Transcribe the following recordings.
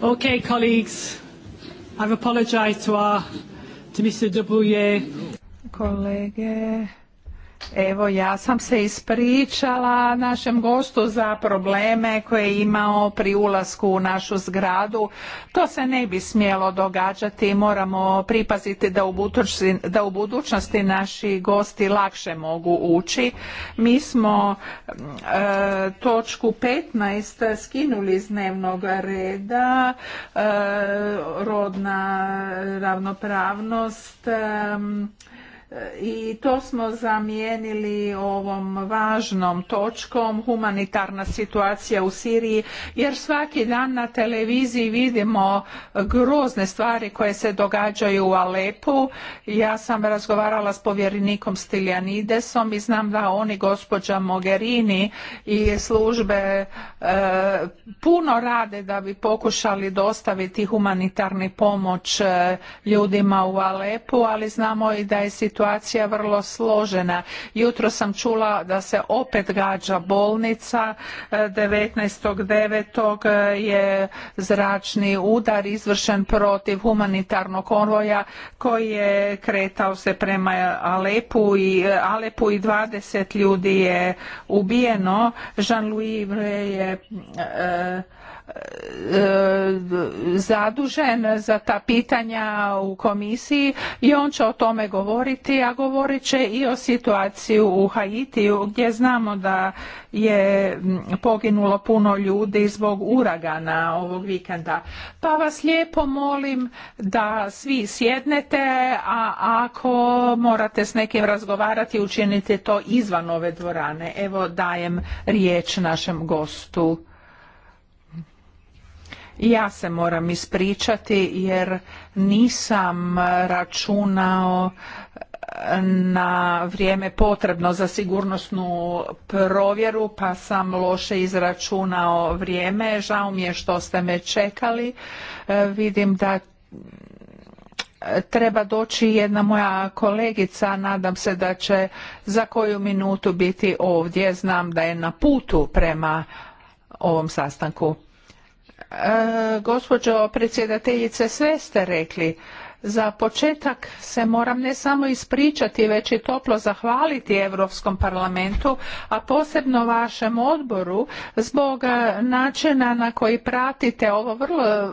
Okay, colleagues, I've apologized to our, to Mr. Dubuyer. Kolege, Evo ja sam se ispričala našem gostu za probleme koje je imao pri ulasku u našu zgradu. To se ne bi smjelo događati. Moramo pripaziti da u budućnosti, naši gosti lakše mogu ući. Mi smo e, točku 15 skinuli iz dnevnog reda e, rodna ravnopravnost i to smo zamijenili ovom važnom točkom humanitarna situacija u Siriji jer svaki dan na televiziji vidimo grozne stvari koje se događaju u Alepu. Ja sam razgovarala s povjerenikom Stiljanidesom i znam da oni gospođa Mogherini i službe e, puno rade da bi pokušali dostaviti humanitarni pomoć e, ljudima u Alepu, ali znamo i da je situacija situacija vrlo složena. Jutro sam čula da se opet gađa bolnica. 19.9. je zračni udar izvršen protiv humanitarnog konvoja koji je kretao se prema Alepu i Alepu i 20 ljudi je ubijeno. Jean-Louis je e, E, zadužen za ta pitanja u komisiji i on će o tome govoriti, a govorit će i o situaciji u Haitiju gdje znamo da je poginulo puno ljudi zbog uragana ovog vikenda. Pa vas lijepo molim da svi sjednete, a ako morate s nekim razgovarati učinite to izvan ove dvorane. Evo dajem riječ našem gostu. Ja se moram ispričati jer nisam računao eh, na vrijeme potrebno za sigurnosnu provjeru pa sam loše izračunao vrijeme. Žao mi je što ste me čekali. Eh, vidim da eh, treba doći jedna moja kolegica, nadam se da će za koju minutu biti ovdje. Znam da je na putu prema ovom sastanku. E, gospođo predsjedateljice, sve ste rekli. Za početak se moram ne samo ispričati, već i toplo zahvaliti Europskom parlamentu, a posebno vašem odboru zbog e, načina na koji pratite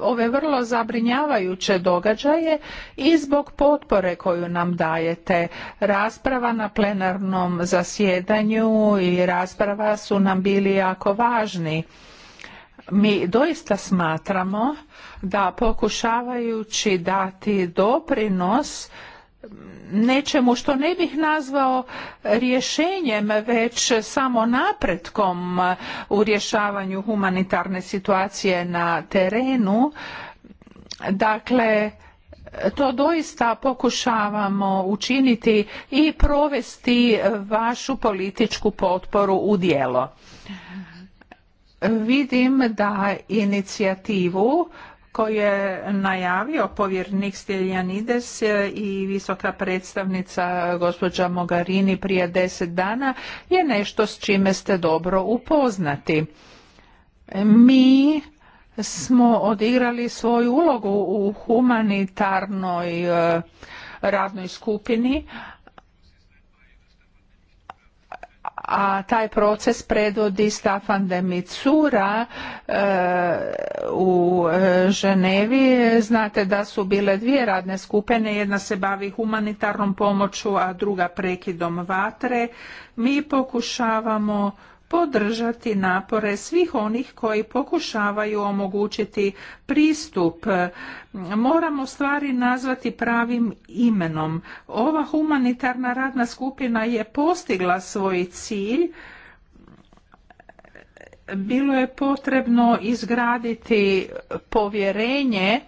ove vrlo zabrinjavajuće događaje i zbog potpore koju nam dajete. Rasprava na plenarnom zasjedanju i rasprava su nam bili jako važni mi doista smatramo da pokušavajući dati doprinos nečemu što ne bih nazvao rješenjem već samo napretkom u rješavanju humanitarne situacije na terenu dakle to doista pokušavamo učiniti i provesti vašu političku potporu u djelo vidim da inicijativu koju je najavio povjernik Stiljanides i visoka predstavnica gospođa Mogarini prije deset dana je nešto s čime ste dobro upoznati. Mi smo odigrali svoju ulogu u humanitarnoj eh, radnoj skupini, a taj proces predvodi Stafan de Mitsura e, u e, Ženevi. Znate da su bile dvije radne skupine, jedna se bavi humanitarnom pomoću, a druga prekidom vatre. Mi pokušavamo podržati napore svih onih koji pokušavaju omogućiti pristup. Moramo stvari nazvati pravim imenom. Ova humanitarna radna skupina je postigla svoj cilj bilo je potrebno izgraditi povjerenje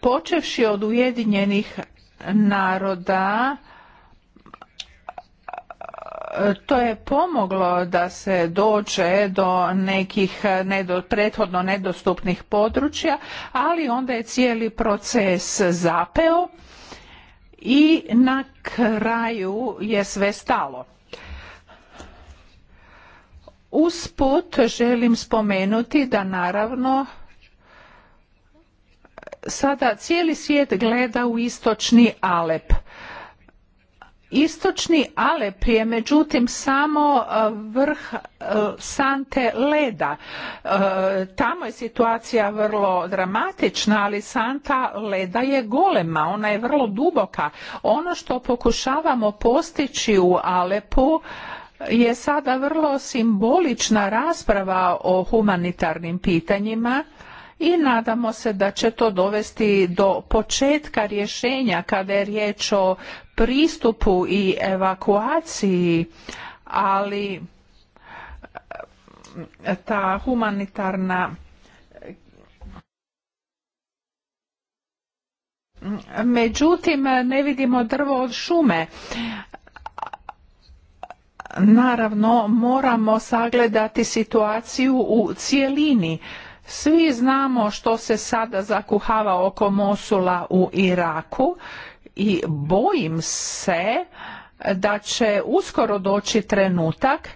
počevši od Ujedinjenih naroda to je pomoglo da se dođe do nekih prethodno nedostupnih područja, ali onda je cijeli proces zapeo i na kraju je sve stalo. Usput želim spomenuti da naravno sada cijeli svijet gleda u istočni Alep istočni Alep je međutim samo e, vrh e, sante leda. E, tamo je situacija vrlo dramatična, ali santa leda je golema, ona je vrlo duboka. Ono što pokušavamo postići u Alepu je sada vrlo simbolična rasprava o humanitarnim pitanjima i nadamo se da će to dovesti do početka rješenja kada je riječ o pristupu i evakuaciji, ali e, ta humanitarna Međutim, ne vidimo drvo od šume. Naravno, moramo sagledati situaciju u cijelini. Svi znamo što se sada zakuhava oko Mosula u Iraku i bojim se da će uskoro doći trenutak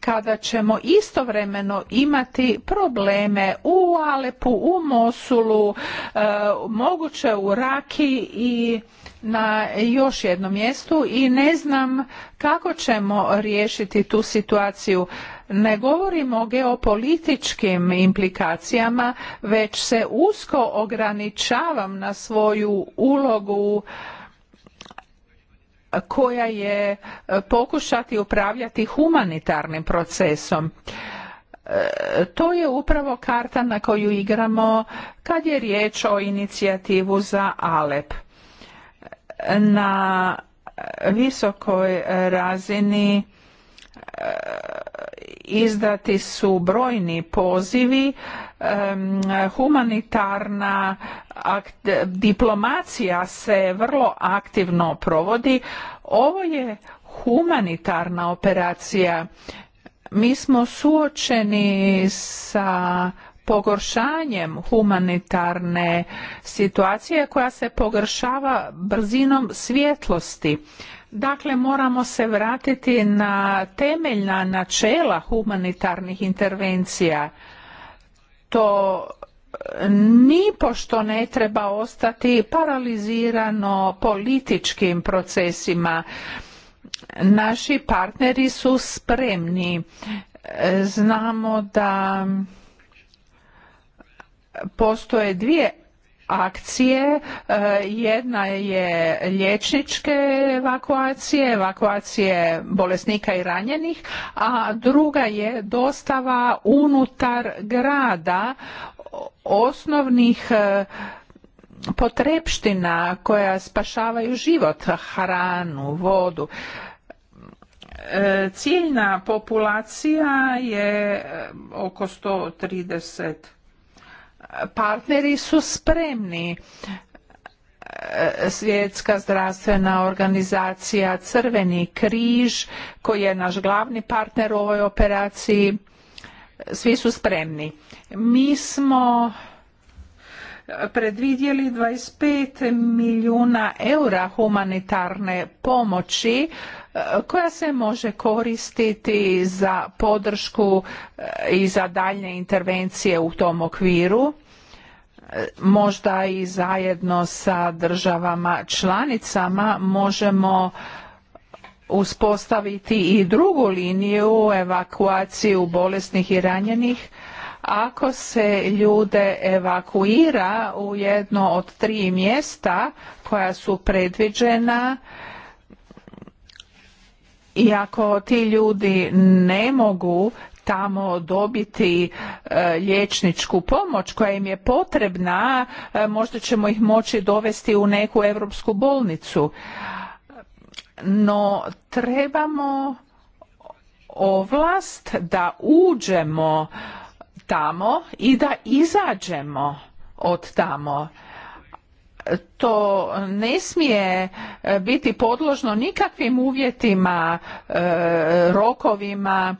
kada ćemo istovremeno imati probleme u Alepu, u Mosulu, e, moguće u Raki i na još jednom mjestu i ne znam kako ćemo riješiti tu situaciju ne govorim o geopolitičkim implikacijama, već se usko ograničavam na svoju ulogu koja je pokušati upravljati humanitarnim procesom. E, to je upravo karta na koju igramo kad je riječ o inicijativu za Alep. Na visokoj razini izdati su brojni pozivi humanitarna diplomacija se vrlo aktivno provodi ovo je humanitarna operacija mi smo suočeni sa pogoršanjem humanitarne situacije koja se pogoršava brzinom svjetlosti Dakle, moramo se vratiti na temeljna načela humanitarnih intervencija. To e, nipošto ne treba ostati paralizirano političkim procesima. Naši partneri su spremni. E, znamo da postoje dvije akcije. E, jedna je liječničke evakuacije, evakuacije bolesnika i ranjenih, a druga je dostava unutar grada osnovnih e, potrepština koja spašavaju život, hranu, vodu. E, ciljna populacija je oko 130 partneri su spremni e, svjetska zdravstvena organizacija crveni križ koji je naš glavni partner u ovoj operaciji svi su spremni mi smo predvidjeli 25 milijuna eura humanitarne pomoći koja se može koristiti za podršku e, i za daljnje intervencije u tom okviru e, možda i zajedno sa državama članicama možemo uspostaviti i drugu liniju evakuaciju bolesnih i ranjenih ako se ljude evakuira u jedno od tri mjesta koja su predviđena i ako ti ljudi ne mogu tamo dobiti e, liječničku pomoć koja im je potrebna, e, možda ćemo ih moći dovesti u neku europsku bolnicu. No trebamo ovlast da uđemo tamo i da izađemo od tamo to ne smije e, biti podložno nikakvim uvjetima, e, rokovima,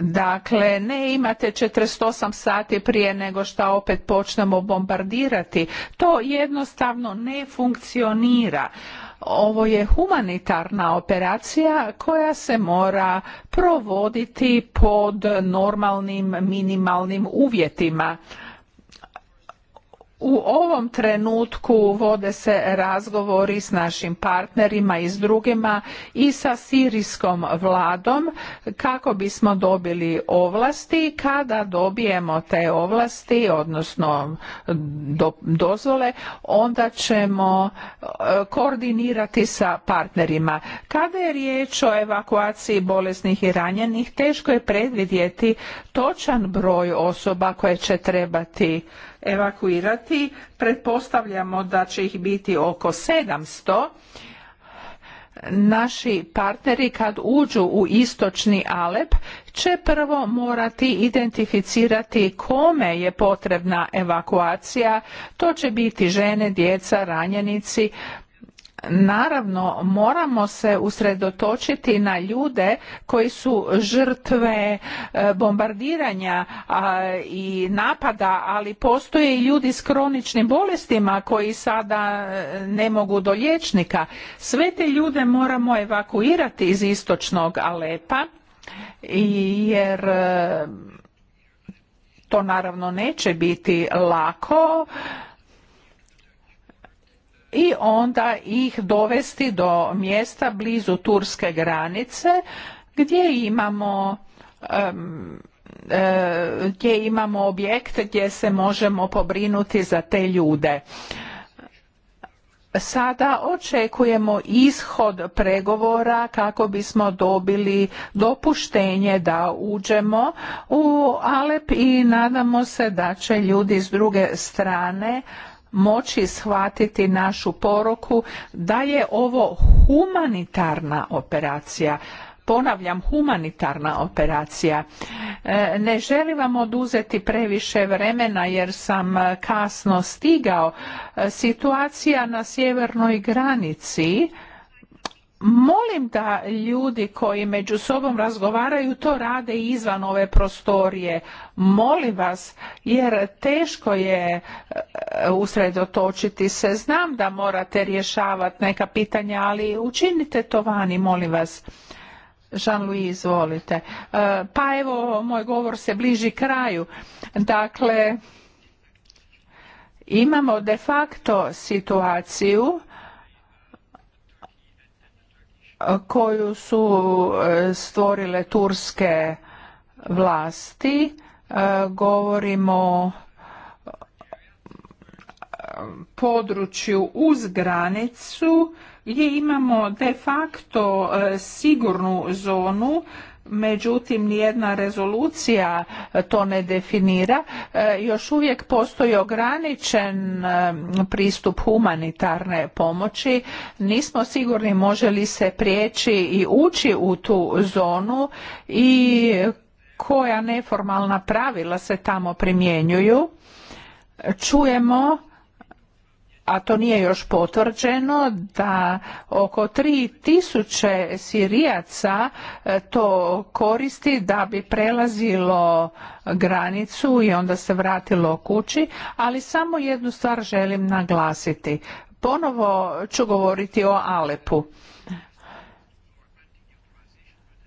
Dakle, ne imate 48 sati prije nego što opet počnemo bombardirati. To jednostavno ne funkcionira. Ovo je humanitarna operacija koja se mora provoditi pod normalnim minimalnim uvjetima u ovom trenutku vode se razgovori s našim partnerima i s drugima i sa sirijskom vladom kako bismo dobili ovlasti. Kada dobijemo te ovlasti, odnosno dozvole, onda ćemo e, koordinirati sa partnerima. Kada je riječ o evakuaciji bolesnih i ranjenih, teško je predvidjeti točan broj osoba koje će trebati evakuirati. Pretpostavljamo da će ih biti oko 700 naši partneri kad uđu u istočni Alep će prvo morati identificirati kome je potrebna evakuacija. To će biti žene, djeca, ranjenici. Naravno, moramo se usredotočiti na ljude koji su žrtve e, bombardiranja i napada, ali postoje i ljudi s kroničnim bolestima koji sada e, ne mogu do liječnika. Sve te ljude moramo evakuirati iz istočnog Alepa jer e, to naravno neće biti lako i onda ih dovesti do mjesta blizu turske granice gdje imamo e, gdje imamo objekt gdje se možemo pobrinuti za te ljude. Sada očekujemo ishod pregovora kako bismo dobili dopuštenje da uđemo u Alep i nadamo se da će ljudi s druge strane moći shvatiti našu poruku da je ovo humanitarna operacija ponavljam humanitarna operacija e, ne želim vam oduzeti previše vremena jer sam kasno stigao e, situacija na sjevernoj granici molim da ljudi koji među sobom razgovaraju to rade izvan ove prostorije molim vas jer teško je e, usredotočiti se znam da morate rješavati neka pitanja ali učinite to vani molim vas Jean-Louis, izvolite. E, pa evo, moj govor se bliži kraju. Dakle, imamo de facto situaciju koju su e, stvorile turske vlasti. E, govorimo e, području uz granicu gdje imamo de facto sigurnu zonu međutim nijedna rezolucija to ne definira. E, još uvijek postoji ograničen e, pristup humanitarne pomoći. Nismo sigurni može li se prijeći i ući u tu zonu i koja neformalna pravila se tamo primjenjuju. Čujemo a to nije još potvrđeno, da oko 3000 Sirijaca e, to koristi da bi prelazilo granicu i onda se vratilo kući, ali samo jednu stvar želim naglasiti. Ponovo ću govoriti o Alepu.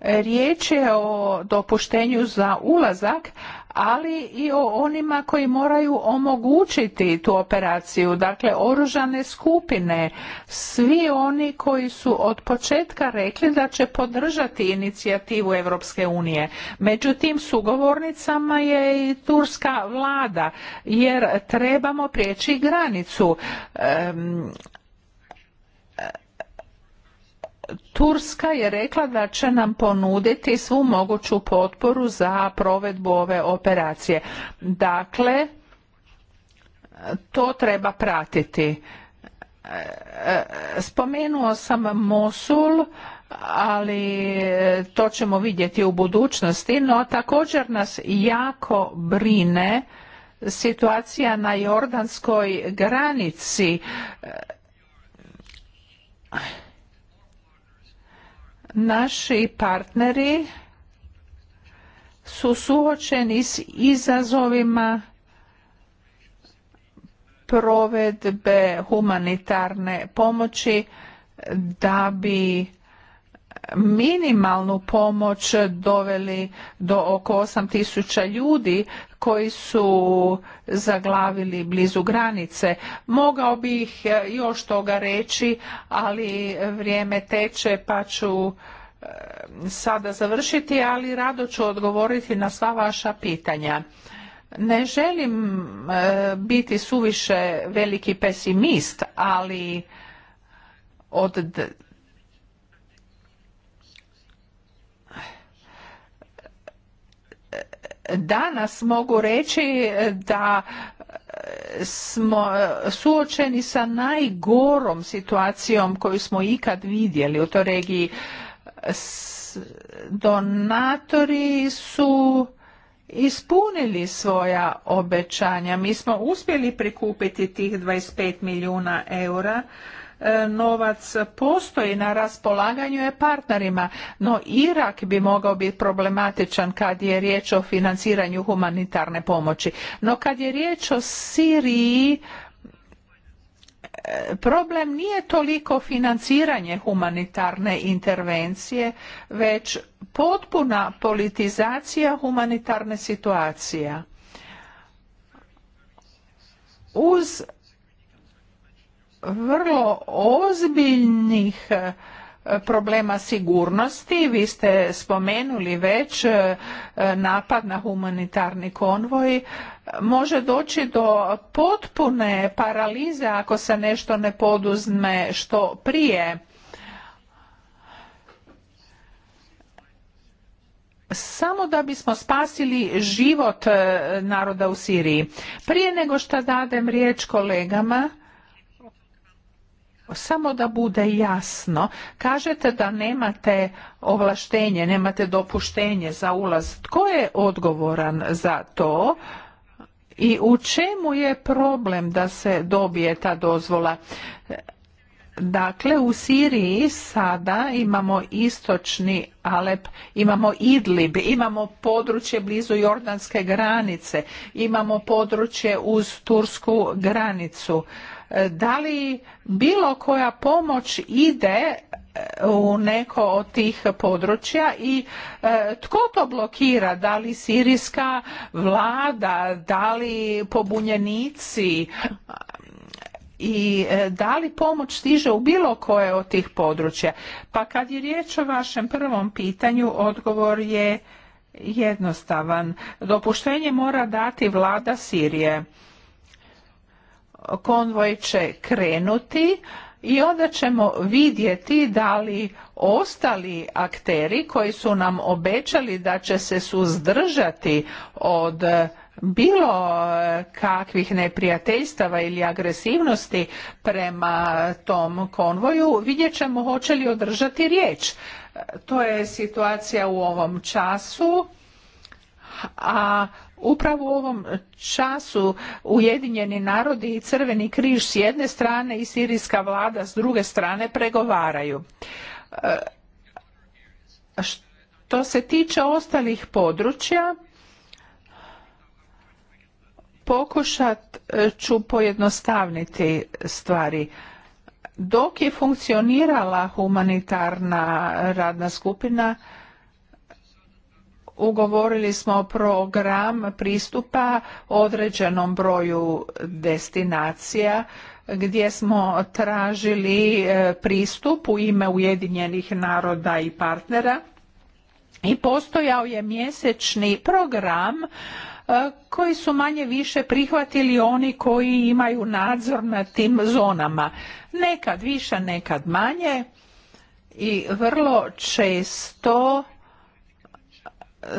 Riječ je o dopuštenju za ulazak, ali i o onima koji moraju omogućiti tu operaciju, dakle oružane skupine, svi oni koji su od početka rekli da će podržati inicijativu Europske unije. Međutim, sugovornicama je i turska vlada, jer trebamo prijeći granicu. Turska je rekla da će nam ponuditi svu moguću potporu za provedbu ove operacije. Dakle, to treba pratiti. Spomenuo sam Mosul, ali to ćemo vidjeti u budućnosti, no također nas jako brine situacija na jordanskoj granici. Naši partneri su suočeni s izazovima provedbe humanitarne pomoći da bi minimalnu pomoć doveli do oko 8000 ljudi koji su zaglavili blizu granice. Mogao bih e, još toga reći, ali vrijeme teče pa ću e, sada završiti, ali rado ću odgovoriti na sva vaša pitanja. Ne želim e, biti suviše veliki pesimist, ali od danas mogu reći da smo suočeni sa najgorom situacijom koju smo ikad vidjeli u toj regiji. Donatori su ispunili svoja obećanja. Mi smo uspjeli prikupiti tih 25 milijuna eura E, novac postoji na raspolaganju je partnerima, no Irak bi mogao biti problematičan kad je riječ o financiranju humanitarne pomoći. No kad je riječ o Siriji, e, problem nije toliko financiranje humanitarne intervencije, već potpuna politizacija humanitarne situacije. Uz vrlo ozbiljnih eh, problema sigurnosti. Vi ste spomenuli već eh, napad na humanitarni konvoj. Može doći do potpune paralize ako se nešto ne poduzme što prije. samo da bismo spasili život eh, naroda u Siriji. Prije nego što dadem riječ kolegama, samo da bude jasno, kažete da nemate ovlaštenje, nemate dopuštenje za ulaz. Tko je odgovoran za to? I u čemu je problem da se dobije ta dozvola? Dakle, u Siriji sada imamo istočni Alep, imamo Idlib, imamo područje blizu jordanske granice, imamo područje uz tursku granicu E, da li bilo koja pomoć ide e, u neko od tih područja i e, tko to blokira, da li sirijska vlada, da li pobunjenici i da li pomoć stiže u bilo koje od tih područja. Pa kad je riječ o vašem prvom pitanju, odgovor je jednostavan. Dopuštenje mora dati vlada Sirije konvoj će krenuti i onda ćemo vidjeti da li ostali akteri koji su nam obećali da će se suzdržati od bilo eh, kakvih neprijateljstava ili agresivnosti prema tom konvoju, vidjet ćemo hoće li održati riječ. Eh, to je situacija u ovom času, a Upravo u ovom času Ujedinjeni narodi i Crveni križ s jedne strane i sirijska vlada s druge strane pregovaraju. E, što se tiče ostalih područja, pokušat ću pojednostavniti stvari. Dok je funkcionirala humanitarna radna skupina, ugovorili smo program pristupa određenom broju destinacija gdje smo tražili e, pristup u ime Ujedinjenih naroda i partnera i postojao je mjesečni program e, koji su manje više prihvatili oni koji imaju nadzor nad tim zonama. Nekad više, nekad manje i vrlo često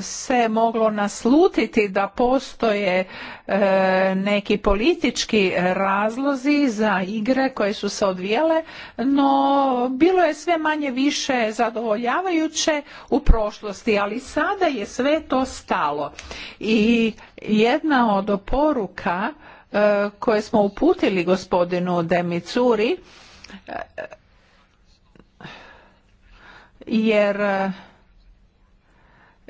se moglo naslutiti da postoje e, neki politički razlozi za igre koje su se odvijele, no bilo je sve manje više zadovoljavajuće u prošlosti, ali sada je sve to stalo. I jedna od poruka e, koje smo uputili gospodinu Demicuri, e, jer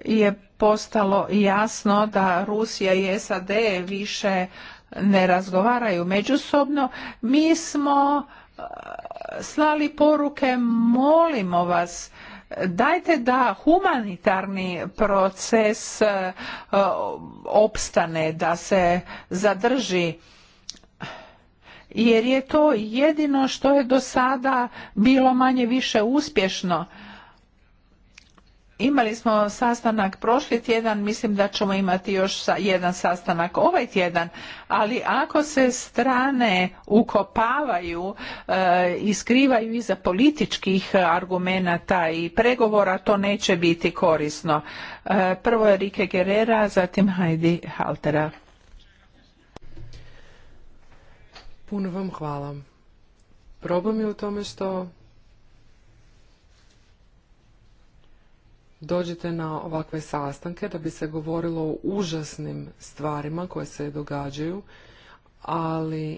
je postalo jasno da Rusija i SAD više ne razgovaraju međusobno. Mi smo eh, slali poruke molimo vas dajte da humanitarni proces eh, opstane, da se zadrži jer je to jedino što je do sada bilo manje više uspješno Imali smo sastanak prošli tjedan, mislim da ćemo imati još jedan sastanak ovaj tjedan, ali ako se strane ukopavaju eh, i skrivaju iza političkih eh, argumenata i pregovora, to neće biti korisno. Eh, prvo je Rike Gerera, zatim Heidi Haltera. Puno vam hvala. Problem je u tome što dođete na ovakve sastanke da bi se govorilo o užasnim stvarima koje se događaju, ali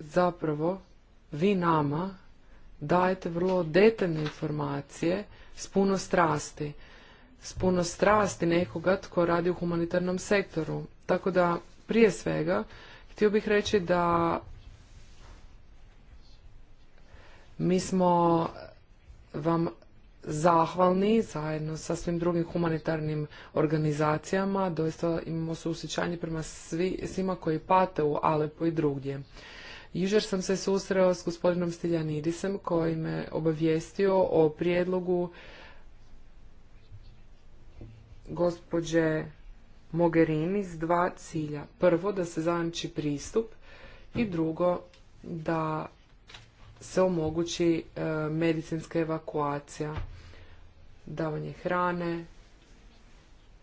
zapravo vi nama dajete vrlo detaljne informacije s puno strasti. S puno strasti nekoga tko radi u humanitarnom sektoru. Tako da, prije svega, htio bih reći da mi smo vam zahvalni zajedno sa svim drugim humanitarnim organizacijama. Doista imamo suosjećanje prema svima koji pate u Alepu i drugdje. Jučer sam se susreo s gospodinom Stiljanidisem koji me obavijestio o prijedlogu gospođe Mogherini s dva cilja. Prvo, da se zajamči pristup i drugo, da se omogući e, medicinska evakuacija, davanje hrane,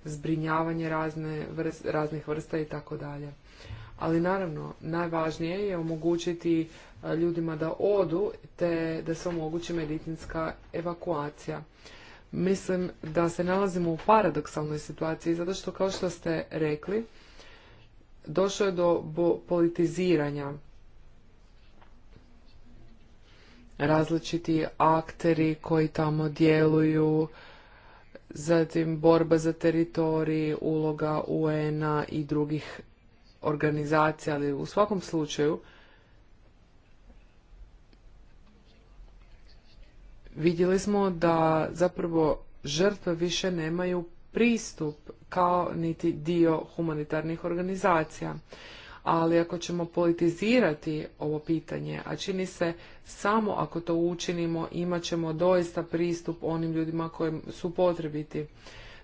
zbrinjavanje raznih vrsta i tako dalje. Ali naravno, najvažnije je omogućiti e, ljudima da odu te da se omogući medicinska evakuacija. Mislim da se nalazimo u paradoksalnoj situaciji, zato što kao što ste rekli, došlo je do politiziranja različiti akteri koji tamo djeluju, zatim borba za teritorij, uloga UN-a i drugih organizacija, ali u svakom slučaju vidjeli smo da zapravo žrtve više nemaju pristup kao niti dio humanitarnih organizacija ali ako ćemo politizirati ovo pitanje, a čini se samo ako to učinimo, imat ćemo doista pristup onim ljudima koji su potrebiti.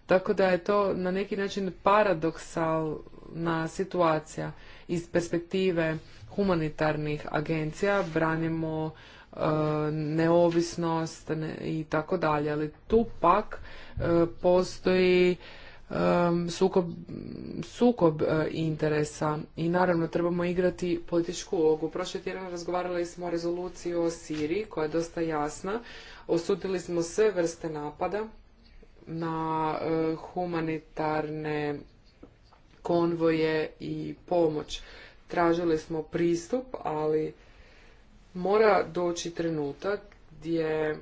Tako da je to na neki način paradoksalna situacija iz perspektive humanitarnih agencija, branimo e, neovisnost i tako dalje, ali tu pak e, postoji Um, sukob, sukob uh, interesa i naravno trebamo igrati političku ulogu. Prošli tjedan razgovarali smo o rezoluciji o Siriji koja je dosta jasna. Osudili smo sve vrste napada na uh, humanitarne konvoje i pomoć. Tražili smo pristup, ali mora doći trenutak gdje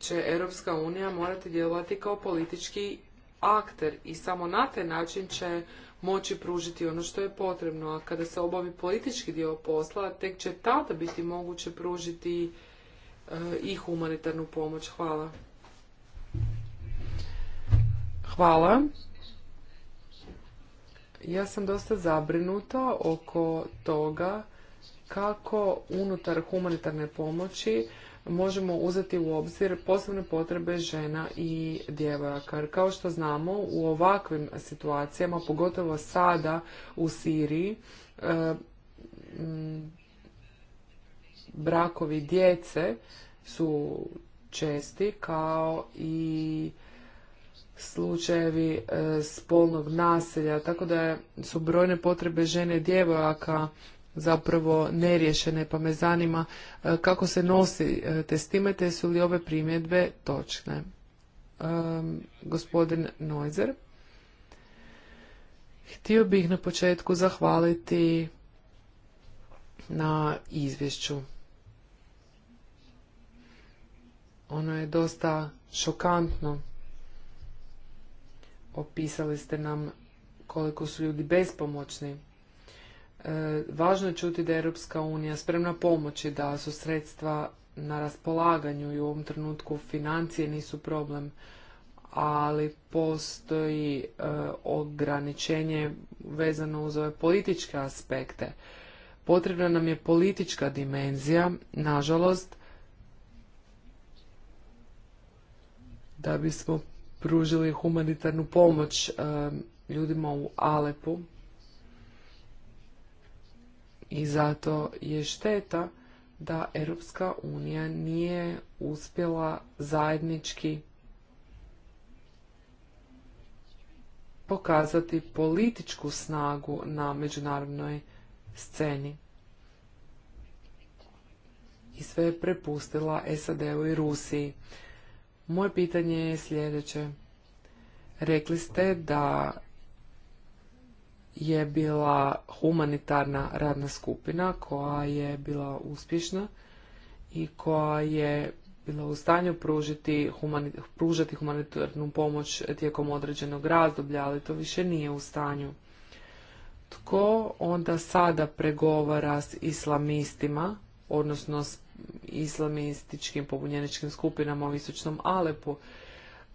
će Europska unija morati djelovati kao politički akter i samo na taj način će moći pružiti ono što je potrebno, a kada se obavi politički dio posla, tek će tada biti moguće pružiti e, i humanitarnu pomoć. Hvala. Hvala. Ja sam dosta zabrinuta oko toga kako unutar humanitarne pomoći možemo uzeti u obzir posebne potrebe žena i djevojaka. kao što znamo, u ovakvim situacijama, pogotovo sada u Siriji, e, brakovi djece su česti kao i slučajevi e, spolnog nasilja, tako da su brojne potrebe žene i djevojaka zapravo neriješene, pa me zanima e, kako se nosite e, s time, te su li ove primjedbe točne. E, gospodin Noizer. Htio bih na početku zahvaliti na izvješću. Ono je dosta šokantno. Opisali ste nam koliko su ljudi bespomoćni E, važno je čuti da je Europska unija spremna pomoći, da su sredstva na raspolaganju i u ovom trenutku financije nisu problem, ali postoji e, ograničenje vezano uz ove političke aspekte. Potrebna nam je politička dimenzija, nažalost, da bismo pružili humanitarnu pomoć e, ljudima u Alepu i zato je šteta da Europska unija nije uspjela zajednički pokazati političku snagu na međunarodnoj sceni. I sve je prepustila SAD-u i Rusiji. Moje pitanje je sljedeće. Rekli ste da je bila humanitarna radna skupina koja je bila uspješna i koja je bila u stanju pružiti, pružati humanitarnu pomoć tijekom određenog razdoblja, ali to više nije u stanju. Tko onda sada pregovara s islamistima, odnosno s islamističkim pobunjeničkim skupinama u Istočnom Alepu?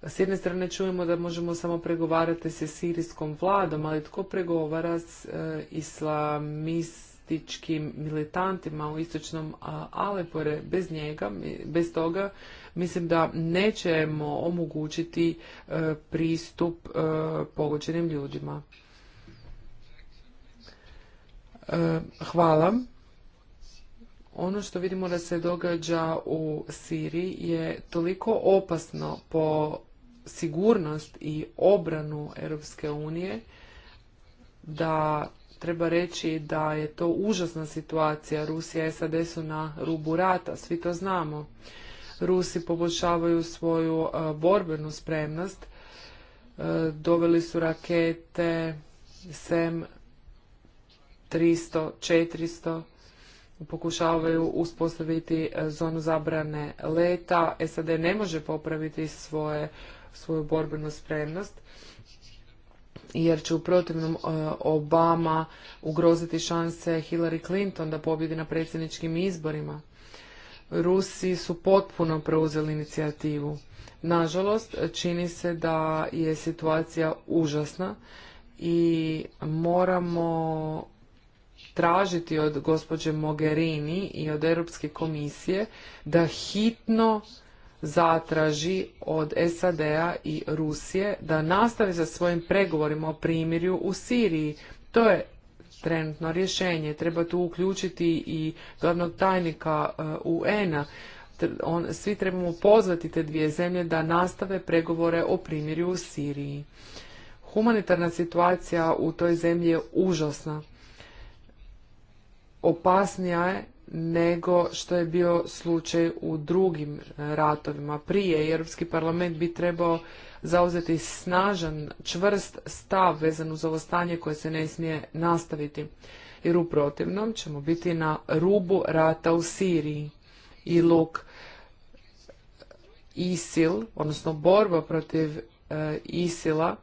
S jedne strane čujemo da možemo samo pregovarati sa sirijskom vladom, ali tko pregovara s e, islamističkim militantima u istočnom Alepore bez njega, bez toga mislim da nećemo omogućiti e, pristup e, pogođenim ljudima. Hvala. Ono što vidimo da se događa u Siriji je toliko opasno po sigurnost i obranu Europske unije da treba reći da je to užasna situacija. Rusija i SAD su na rubu rata, svi to znamo. Rusi poboljšavaju svoju e, borbenu spremnost. E, doveli su rakete SEM 300, 400 pokušavaju uspostaviti e, zonu zabrane leta. SAD ne može popraviti svoje svoju borbenu spremnost jer će u protivnom e, Obama ugroziti šanse Hillary Clinton da pobjedi na predsjedničkim izborima. Rusi su potpuno preuzeli inicijativu. Nažalost, čini se da je situacija užasna i moramo tražiti od gospođe Mogherini i od Europske komisije da hitno zatraži od SAD-a i Rusije da nastavi sa svojim pregovorima o primirju u Siriji. To je trenutno rješenje. Treba tu uključiti i glavnog tajnika uh, UN-a. Svi trebamo pozvati te dvije zemlje da nastave pregovore o primirju u Siriji. Humanitarna situacija u toj zemlji je užasna. Opasnija je nego što je bio slučaj u drugim ratovima prije. Europski parlament bi trebao zauzeti snažan, čvrst stav vezan uz ovo stanje koje se ne smije nastaviti. Jer u protivnom ćemo biti na rubu rata u Siriji. I luk ISIL, odnosno borba protiv e, Isila, ISIL-a,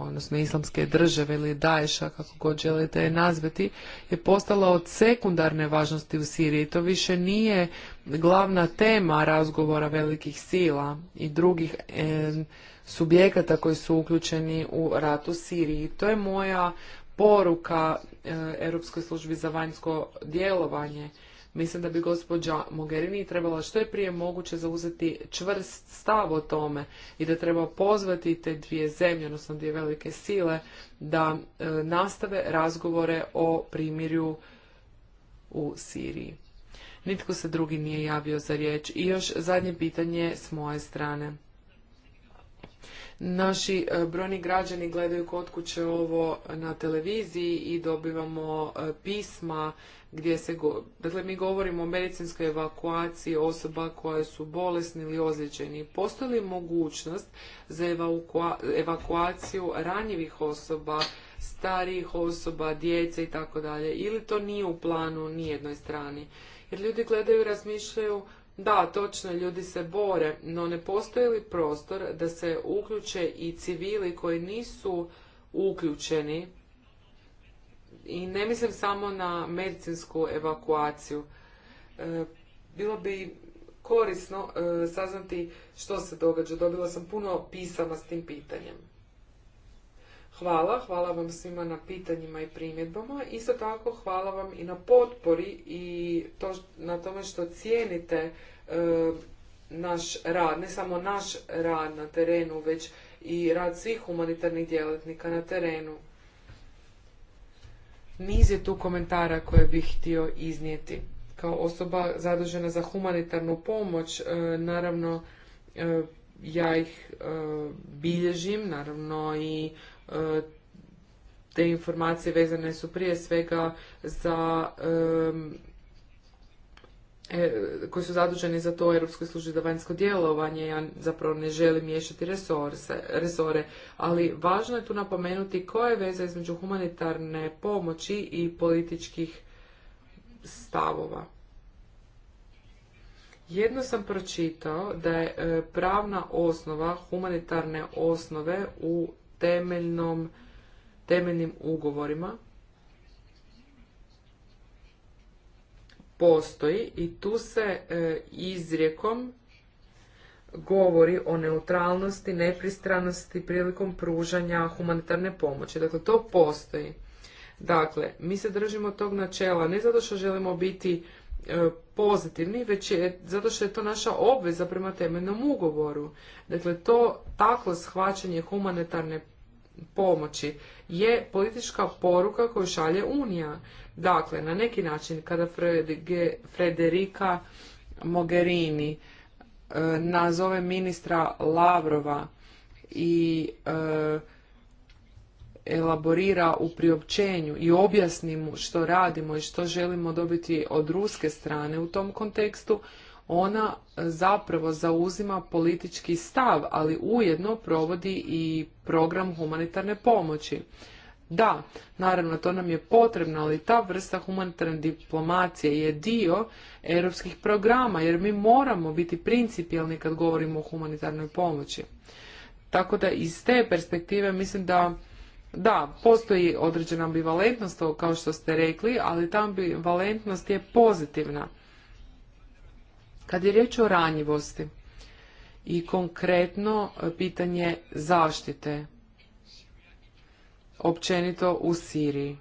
odnosno islamske države ili Daesha, kako god želite je nazvati, je postala od sekundarne važnosti u Siriji. To više nije glavna tema razgovora velikih sila i drugih subjekata koji su uključeni u rat u Siriji. To je moja poruka eh, Europskoj službi za vanjsko djelovanje Mislim da bi gospođa Mogherini trebala što je prije moguće zauzeti čvrst stav o tome i da treba pozvati te dvije zemlje, odnosno dvije velike sile, da e, nastave razgovore o primirju u Siriji. Nitko se drugi nije javio za riječ. I još zadnje pitanje s moje strane. Naši e, brojni građani gledaju kod kuće ovo na televiziji i dobivamo e, pisma gdje se, dakle mi govorimo o medicinskoj evakuaciji osoba koje su bolesni ili ozlijeđeni. Postoji li mogućnost za evakuaciju ranjivih osoba, starijih osoba, djece i tako dalje? Ili to nije u planu nijednoj strani? Jer ljudi gledaju i razmišljaju da, točno, ljudi se bore, no ne postoji li prostor da se uključe i civili koji nisu uključeni i ne mislim samo na medicinsku evakuaciju. E, bilo bi korisno e, saznati što se događa. Dobila sam puno pisama s tim pitanjem. Hvala, hvala vam svima na pitanjima i primjedbama. Isto tako hvala vam i na potpori i to, na tome što cijenite e, naš rad, ne samo naš rad na terenu, već i rad svih humanitarnih djelatnika na terenu. Niz je tu komentara koje bih htio iznijeti. Kao osoba zadužena za humanitarnu pomoć, e, naravno e, ja ih e, bilježim, naravno i te informacije vezane su prije svega za E, koji su zaduženi za to u Europskoj službi za vanjsko djelovanje, ja zapravo ne želim miješati resore, ali važno je tu napomenuti koja je veza između humanitarne pomoći i političkih stavova. Jedno sam pročitao da je e, pravna osnova humanitarne osnove u temeljnom, temeljnim ugovorima postoji i tu se e, izrijekom govori o neutralnosti, nepristranosti prilikom pružanja humanitarne pomoći. Dakle, to postoji. Dakle, mi se držimo tog načela ne zato što želimo biti e, pozitivni, već zato što je to naša obveza prema temeljnom ugovoru. Dakle, to takvo shvaćanje humanitarne pomoći je politička poruka koju šalje Unija. Dakle, na neki način kada Frederika Mogherini e, nazove ministra Lavrova i e, elaborira u priopćenju i objasni mu što radimo i što želimo dobiti od ruske strane u tom kontekstu, ona zapravo zauzima politički stav, ali ujedno provodi i program humanitarne pomoći. Da, naravno to nam je potrebno, ali ta vrsta humanitarne diplomacije je dio europskih programa jer mi moramo biti principijalni kad govorimo o humanitarnoj pomoći. Tako da iz te perspektive mislim da da, postoji određena ambivalentnost, kao što ste rekli, ali ta ambivalentnost je pozitivna. Kad je riječ o ranjivosti i konkretno e, pitanje zaštite općenito u Siriji.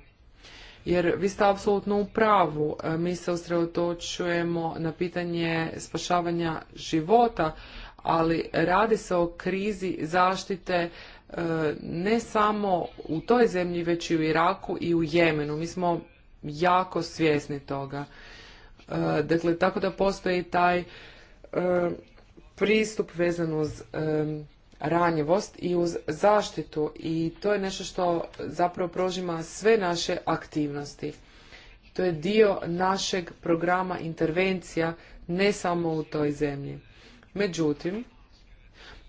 Jer vi ste apsolutno u pravu. E, mi se usredotočujemo na pitanje spašavanja života, ali radi se o krizi zaštite e, ne samo u toj zemlji, već i u Iraku i u Jemenu. Mi smo jako svjesni toga. E, dakle, tako da postoji taj e, pristup vezan uz e, ranjivost i uz zaštitu i to je nešto što zapravo prožima sve naše aktivnosti. To je dio našeg programa intervencija ne samo u toj zemlji. Međutim,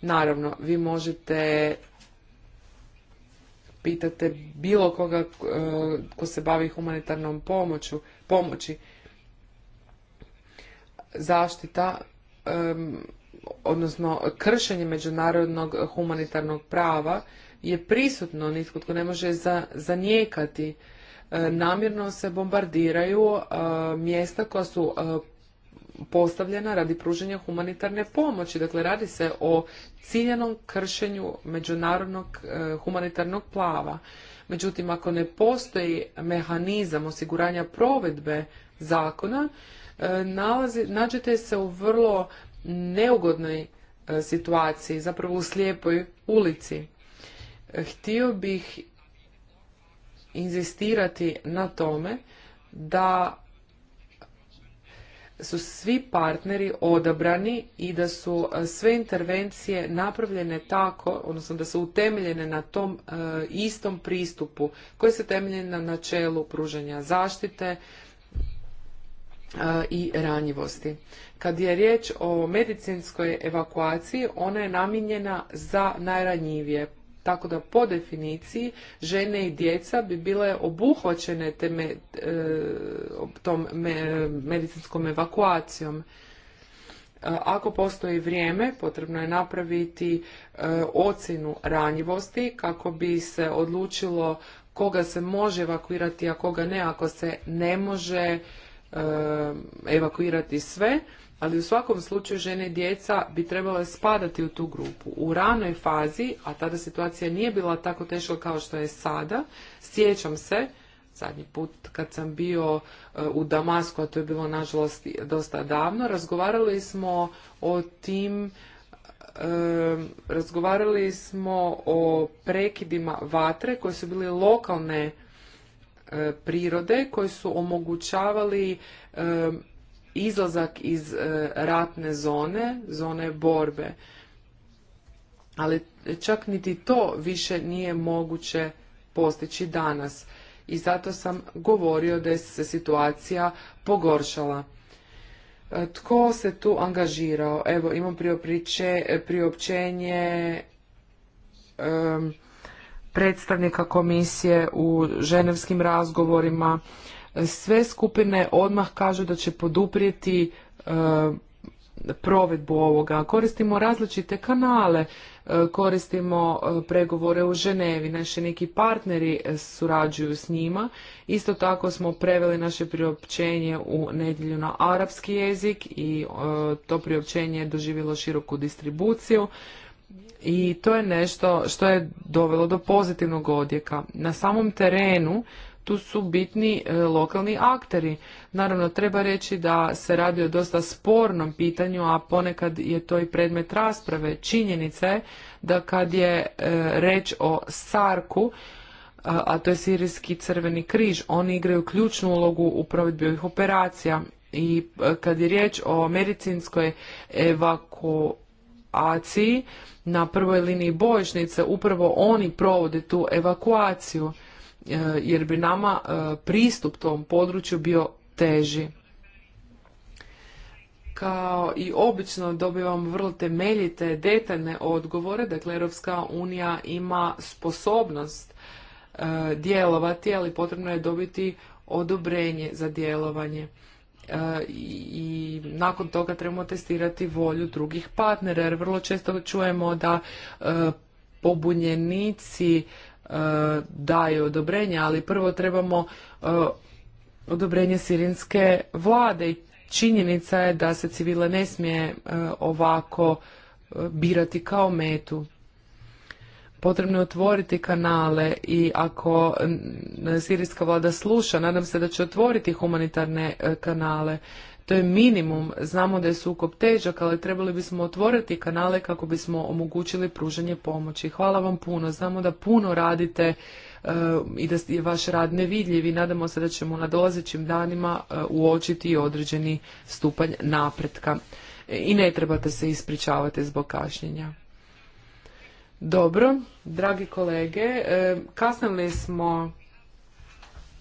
naravno, vi možete pitate bilo koga ko se bavi humanitarnom pomoći zaštita odnosno kršenje međunarodnog humanitarnog prava je prisutno, nitko tko ne može zanijekati. E, namjerno se bombardiraju e, mjesta koja su e, postavljena radi pružanja humanitarne pomoći. Dakle, radi se o ciljanom kršenju međunarodnog humanitarnog plava. Međutim, ako ne postoji mehanizam osiguranja provedbe zakona, E, nađete se u vrlo neugodnoj e, situaciji, zapravo u slijepoj ulici. E, htio bih inzistirati na tome da su svi partneri odabrani i da su sve intervencije napravljene tako, odnosno da su utemeljene na tom istom pristupu koji se temelji na načelu pružanja zaštite, i ranjivosti. Kad je riječ o medicinskoj evakuaciji, ona je namijenjena za najranjivije. Tako da po definiciji žene i djeca bi bile obuhvaćene teme e, tom medicinskom evakuacijom. E, ako postoji vrijeme, potrebno je napraviti e, ocjenu ranjivosti kako bi se odlučilo koga se može evakuirati, a koga ne, ako se ne može Eh, evakuirati sve, ali u svakom slučaju žene i djeca bi trebale spadati u tu grupu. U ranoj fazi, a tada situacija nije bila tako teška kao što je sada, sjećam se, zadnji put kad sam bio eh, u Damasku, a to je bilo nažalost dosta davno, razgovarali smo o tim eh, razgovarali smo o prekidima vatre koje su bili lokalne E, prirode koji su omogućavali e, izlazak iz e, ratne zone, zone borbe. Ali čak niti to više nije moguće postići danas. I zato sam govorio da se situacija pogoršala. Tko se tu angažirao? Evo, imam priopriče priopćenje predstavnika komisije u ženevskim razgovorima. Sve skupine odmah kažu da će poduprijeti e, provedbu ovoga. Koristimo različite kanale, e, koristimo e, pregovore u Ženevi, naši neki partneri surađuju s njima. Isto tako smo preveli naše priopćenje u nedjelju na arapski jezik i to priopćenje je doživjelo široku distribuciju i to je nešto što je dovelo do pozitivnog odjeka. Na samom terenu tu su bitni e, lokalni akteri. Naravno, treba reći da se radi o dosta spornom pitanju, a ponekad je to i predmet rasprave. Činjenica je da kad je e, reč o Sarku, e, a, to je Sirijski crveni križ, oni igraju ključnu ulogu u provedbi ovih operacija. I kad je riječ o medicinskoj evaku Aciji na prvoj liniji bojišnice upravo oni provode tu evakuaciju e, jer bi nama e, pristup tom području bio teži. Kao i obično dobivamo vrlo temeljite, detaljne odgovore, dakle Europska unija ima sposobnost e, djelovati, ali potrebno je dobiti odobrenje za djelovanje. E, i nakon toga trebamo testirati volju drugih partnera jer vrlo često čujemo da e, pobunjenici e, daju odobrenje, ali prvo trebamo odobrenje sirinske vlade i činjenica je da se civile ne smije ovako birati kao metu. Potrebno je otvoriti kanale i ako sirijska vlada sluša, nadam se da će otvoriti humanitarne e, kanale. To je minimum. Znamo da je sukob težak, ali trebali bismo otvoriti kanale kako bismo omogućili pružanje pomoći. Hvala vam puno. Znamo da puno radite e, i da je vaš rad nevidljiv i nadamo se da ćemo na dolazećim danima e, uočiti određeni stupanj napretka. I ne trebate se ispričavati zbog kašnjenja. Dobro, dragi kolege, e, kasnili smo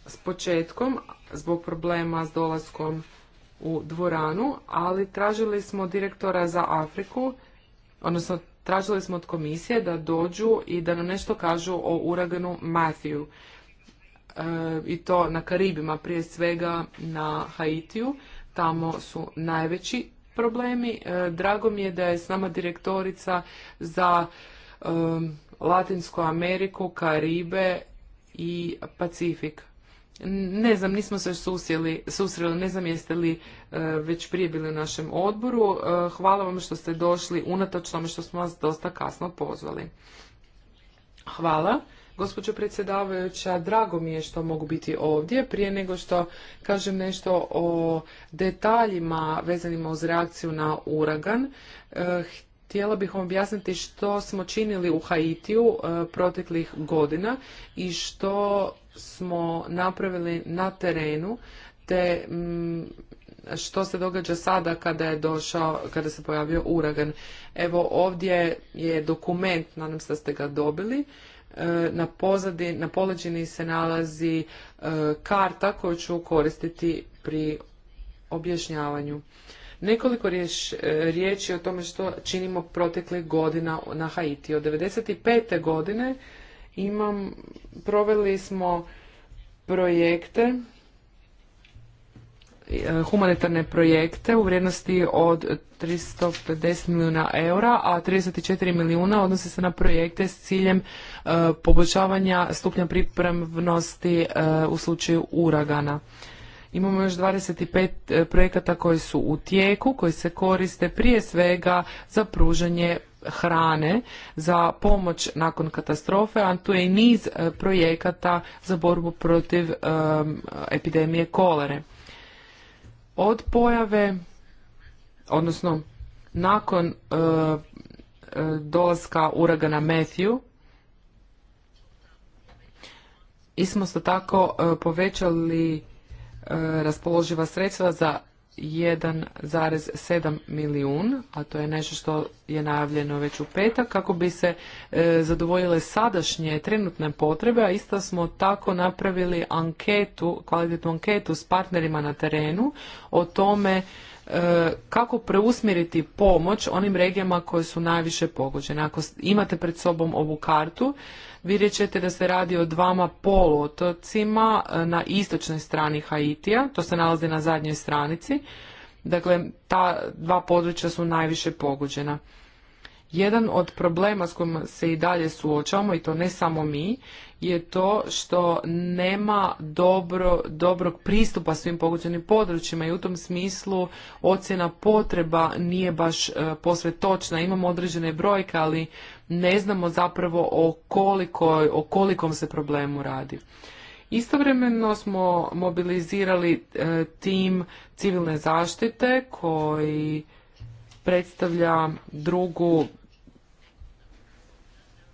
s početkom zbog problema s dolaskom u dvoranu, ali tražili smo direktora za Afriku, odnosno tražili smo od komisije da dođu i da nam nešto kažu o uraganu Matthew. E, I to na Karibima, prije svega na Haitiju. Tamo su najveći problemi. E, drago mi je da je s nama direktorica za Um, Latinsku Ameriku, Karibe i Pacifik. Ne znam, nismo se susjeli, susreli, ne znam jeste li uh, već prije bili u našem odboru. Uh, hvala vam što ste došli, unatoč tome što smo vas dosta kasno pozvali. Hvala. Gospođo predsjedavajuća, drago mi je što mogu biti ovdje. Prije nego što kažem nešto o detaljima vezanima uz reakciju na uragan, uh, Htjela bih vam objasniti što smo činili u Haitiju e, proteklih godina i što smo napravili na terenu, te mm, što se događa sada kada je došao, kada se pojavio uragan. Evo ovdje je dokument, nadam se da ste ga dobili. E, na pozadi, na poleđini se nalazi e, karta koju ću koristiti pri objašnjavanju. Nekoliko e, riječi o tome što činimo proteklih godina na Haiti. Od 1995. godine imam, proveli smo projekte e, humanitarne projekte u vrijednosti od 350 milijuna eura, a 34 milijuna odnose se na projekte s ciljem e, poboljšavanja stupnja pripremnosti u slučaju uragana. Imamo još 25 e, projekata koji su u tijeku, koji se koriste prije svega za pružanje hrane, za pomoć nakon katastrofe, a tu je i niz e, projekata za borbu protiv epidemije kolere. Od pojave, odnosno nakon e, dolaska uragana Matthew, i smo se tako povećali raspoloživa sredstva za 1,7 milijun, a to je nešto što je najavljeno već u petak, kako bi se e, zadovoljile sadašnje trenutne potrebe, a isto smo tako napravili anketu, kvalitetnu anketu s partnerima na terenu o tome e, kako preusmjeriti pomoć onim regijama koje su najviše pogođene. Ako imate pred sobom ovu kartu, vidjet ćete da se radi o dvama poluotocima e, na istočnoj strani Haitija, to se nalazi na zadnjoj stranici. Dakle, ta dva područja su najviše pogođena. Jedan od problema s kojima se i dalje suočavamo, i to ne samo mi, je to što nema dobro, dobrog pristupa svim pogođenim područjima i u tom smislu ocjena potreba nije baš e, posve točna. Imamo određene brojke, ali ne znamo zapravo o, koliko, o kolikom se problemu radi. Istovremeno smo mobilizirali e, tim civilne zaštite koji predstavlja drugu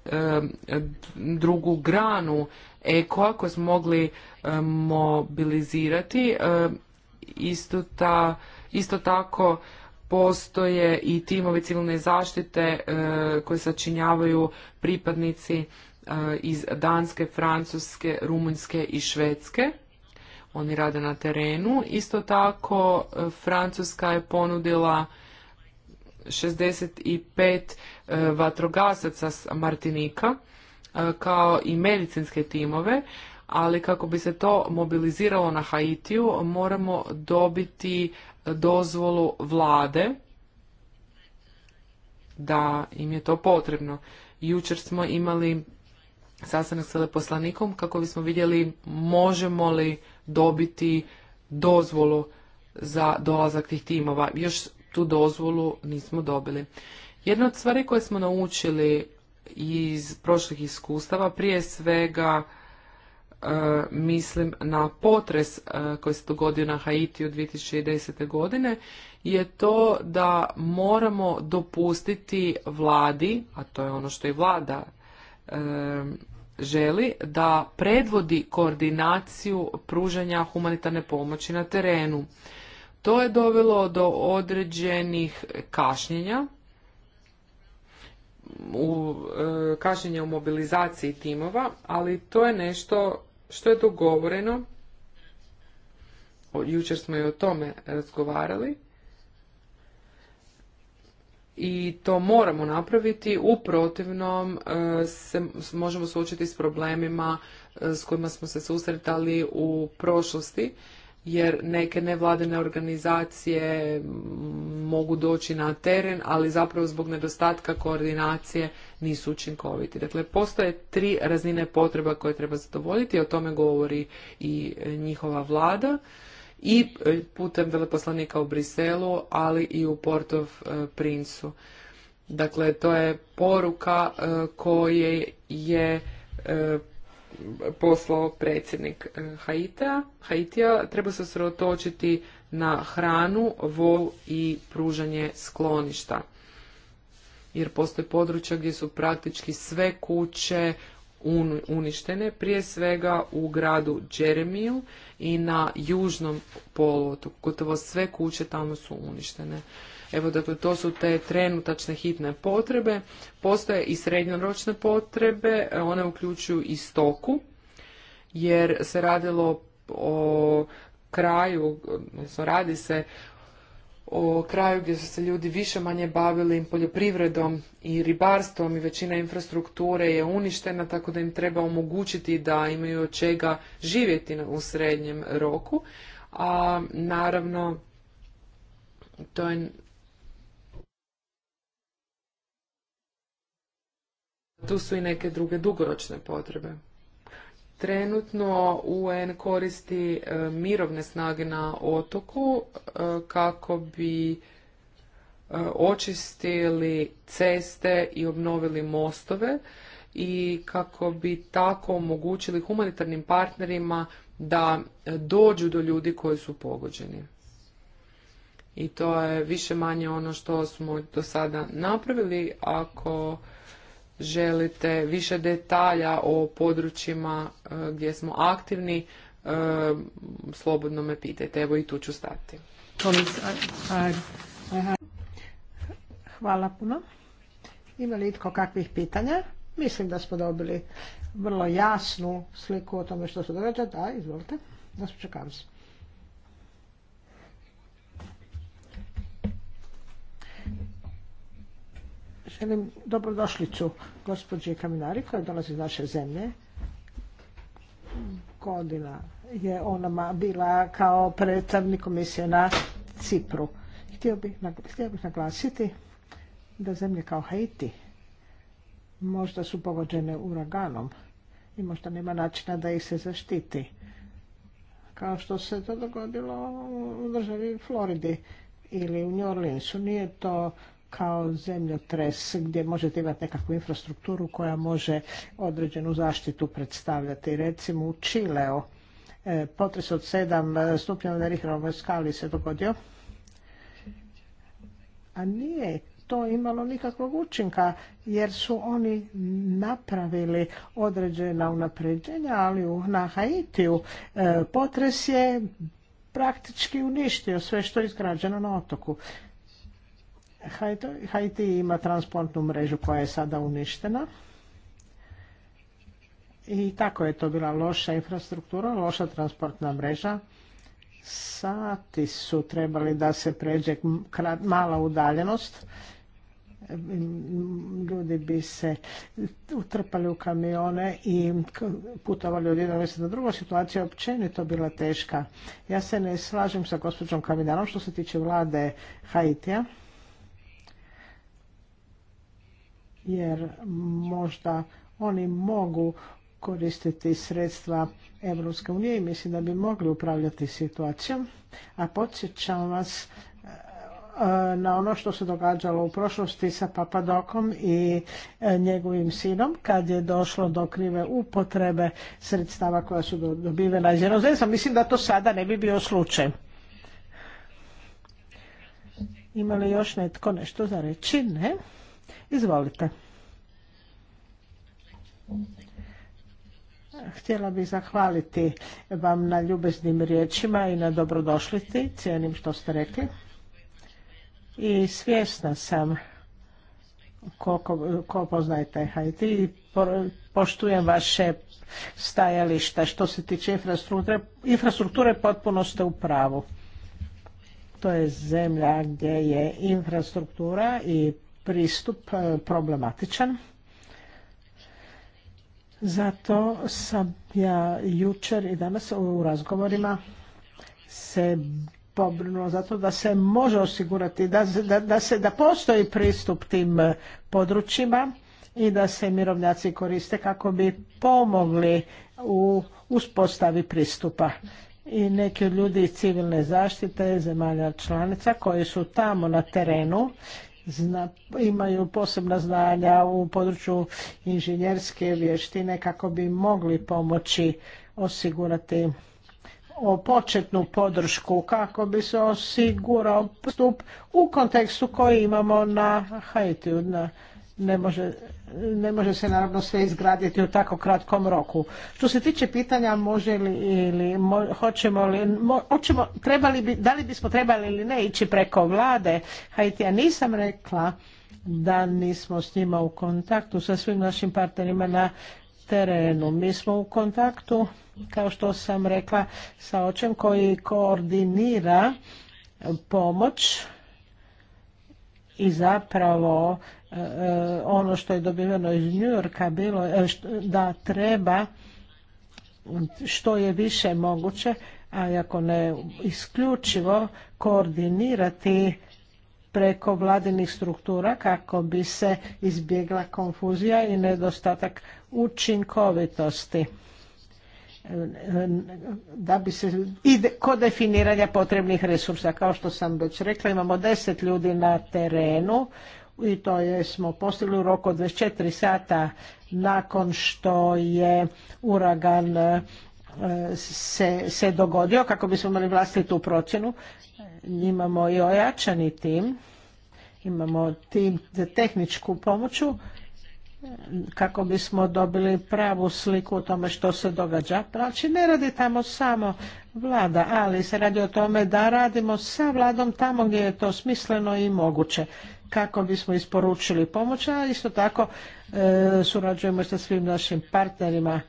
E, drugu granu ekoa koju smo mogli e, mobilizirati. E, isto, isto tako postoje i timovi civilne zaštite koje sačinjavaju pripadnici iz Danske, Francuske, Rumunjske i Švedske. Oni rade na terenu. Isto tako Francuska je ponudila 65 e, vatrogasaca s Martinika e, kao i medicinske timove, ali kako bi se to mobiliziralo na Haitiju moramo dobiti dozvolu vlade da im je to potrebno. Jučer smo imali sastanak s veleposlanikom kako bismo vidjeli možemo li dobiti dozvolu za dolazak tih timova. Još tu dozvolu nismo dobili. Jedna od stvari koje smo naučili iz prošlih iskustava, prije svega e, mislim na potres e, koji se dogodio na Haitiju 2010. godine, je to da moramo dopustiti vladi, a to je ono što i vlada e, želi, da predvodi koordinaciju pružanja humanitarne pomoći na terenu. To je dovelo do određenih kašnjenja, u e, kašnjenja u mobilizaciji timova, ali to je nešto što je dogovoreno, jučer smo i o tome razgovarali, i to moramo napraviti, u protivnom e, se možemo suočiti s problemima e, s kojima smo se susretali u prošlosti jer neke nevladene organizacije mogu doći na teren, ali zapravo zbog nedostatka koordinacije nisu učinkoviti. Dakle, postoje tri razine potreba koje treba zadovoljiti, o tome govori i e, njihova vlada i e, putem veleposlanika u Briselu, ali i u of e, Princu. Dakle, to je poruka koje je poslao predsjednik e, Haita, Haitija treba se srotočiti na hranu, vol i pružanje skloništa. Jer postoje područja gdje su praktički sve kuće uništene, prije svega u gradu Jeremiju i na južnom poluotoku. Gotovo sve kuće tamo su uništene. Evo, dakle, to su te trenutačne hitne potrebe. Postoje i srednjoročne potrebe, e, one uključuju i stoku, jer se radilo o kraju, odnosno radi se o kraju gdje su se ljudi više manje bavili poljoprivredom i ribarstvom i većina infrastrukture je uništena tako da im treba omogućiti da imaju od čega živjeti u srednjem roku. A naravno to je Tu su i neke druge dugoročne potrebe. Trenutno UN koristi e, mirovne snage na otoku e, kako bi e, očistili ceste i obnovili mostove i kako bi tako omogućili humanitarnim partnerima da dođu do ljudi koji su pogođeni. I to je više manje ono što smo do sada napravili ako želite više detalja o područjima e, gdje smo aktivni, e, slobodno me pitajte. Evo i tu ću stati. Hvala puno. Ima li itko kakvih pitanja? Mislim da smo dobili vrlo jasnu sliku o tome što se događa. Da, izvolite. gospođo Kams. želim dobrodošlicu gospođi Kaminari koja dolazi iz naše zemlje. Godina je ona bila kao predstavnik komisije na Cipru. Htio bih, naglasiti da zemlje kao Haiti možda su pogođene uraganom i možda nema načina da ih se zaštiti. Kao što se to dogodilo u državi Floridi ili u New Orleansu. Nije to kao zemljotres gdje možete imati nekakvu infrastrukturu koja može određenu zaštitu predstavljati. Recimo u Čileo e, potres od sedam e, stupnjeva na Rihrovoj skali se dogodio, a nije to imalo nikakvog učinka jer su oni napravili određena unapređenja, ali na Haitiju e, potres je praktički uništio sve što je izgrađeno na otoku. Haiti ima transportnu mrežu koja je sada uništena. I tako je to bila loša infrastruktura, loša transportna mreža. Sati su trebali da se pređe mala udaljenost. Ljudi bi se utrpali u kamione i putovali od jednog mjesta na drugo. Situacija je općenito bila teška. Ja se ne slažem sa gospođom Kaminarom što se tiče vlade Haitija jer možda oni mogu koristiti sredstva Europske unije i mislim da bi mogli upravljati situacijom. A podsjećam vas e, na ono što se događalo u prošlosti sa Papadokom i e, njegovim sinom kad je došlo do krive upotrebe sredstava koja su dobivena iz inozemstva. Mislim da to sada ne bi bio slučaj. Ima li još netko nešto za reći? Ne. Izvolite. Htjela bih zahvaliti vam na ljubeznim riječima i na dobrodošliti, cijenim što ste rekli. I svjesna sam koliko, koliko poznajete Haiti i poštujem vaše stajališta. Što se tiče infrastrukture, infrastrukture potpuno ste u pravu. To je zemlja gdje je infrastruktura i pristup e, problematičan. Zato sam ja jučer i danas u razgovorima se pobrinuo zato da se može osigurati, da, da, se, da postoji pristup tim e, područjima i da se mirovljaci koriste kako bi pomogli u uspostavi pristupa. I neki ljudi civilne zaštite zemalja članica koji su tamo na terenu zna, imaju posebna znanja u području inženjerske vještine kako bi mogli pomoći osigurati početnu podršku kako bi se osigurao stup u kontekstu koji imamo na Haitiju. Na, ne može, ne može se naravno sve izgraditi u tako kratkom roku. Što se tiče pitanja može li ili hoćemo li, hoćemo, trebali bi, da li bismo trebali ili ne ići preko vlade ja nisam rekla da nismo s njima u kontaktu sa svim našim partnerima na terenu. Mi smo u kontaktu, kao što sam rekla, sa očem koji koordinira pomoć i zapravo E, ono što je dobiveno iz Yorka bilo e, da treba što je više moguće, a ako ne isključivo koordinirati preko vladinih struktura kako bi se izbjegla konfuzija i nedostatak učinkovitosti e, da bi se i kod definiranja potrebnih resursa kao što sam već rekla imamo deset ljudi na terenu i to je smo postigli u roku od 24 sata nakon što je uragan e, se, se dogodio kako bismo imali vlastitu procjenu. Imamo i ojačani tim, imamo tim za tehničku pomoću e, kako bismo dobili pravu sliku o tome što se događa. Pa znači ne radi tamo samo vlada, ali se radi o tome da radimo sa vladom tamo gdje je to smisleno i moguće kako bismo isporučili pomoć, a isto tako e, surađujemo sa svim našim partnerima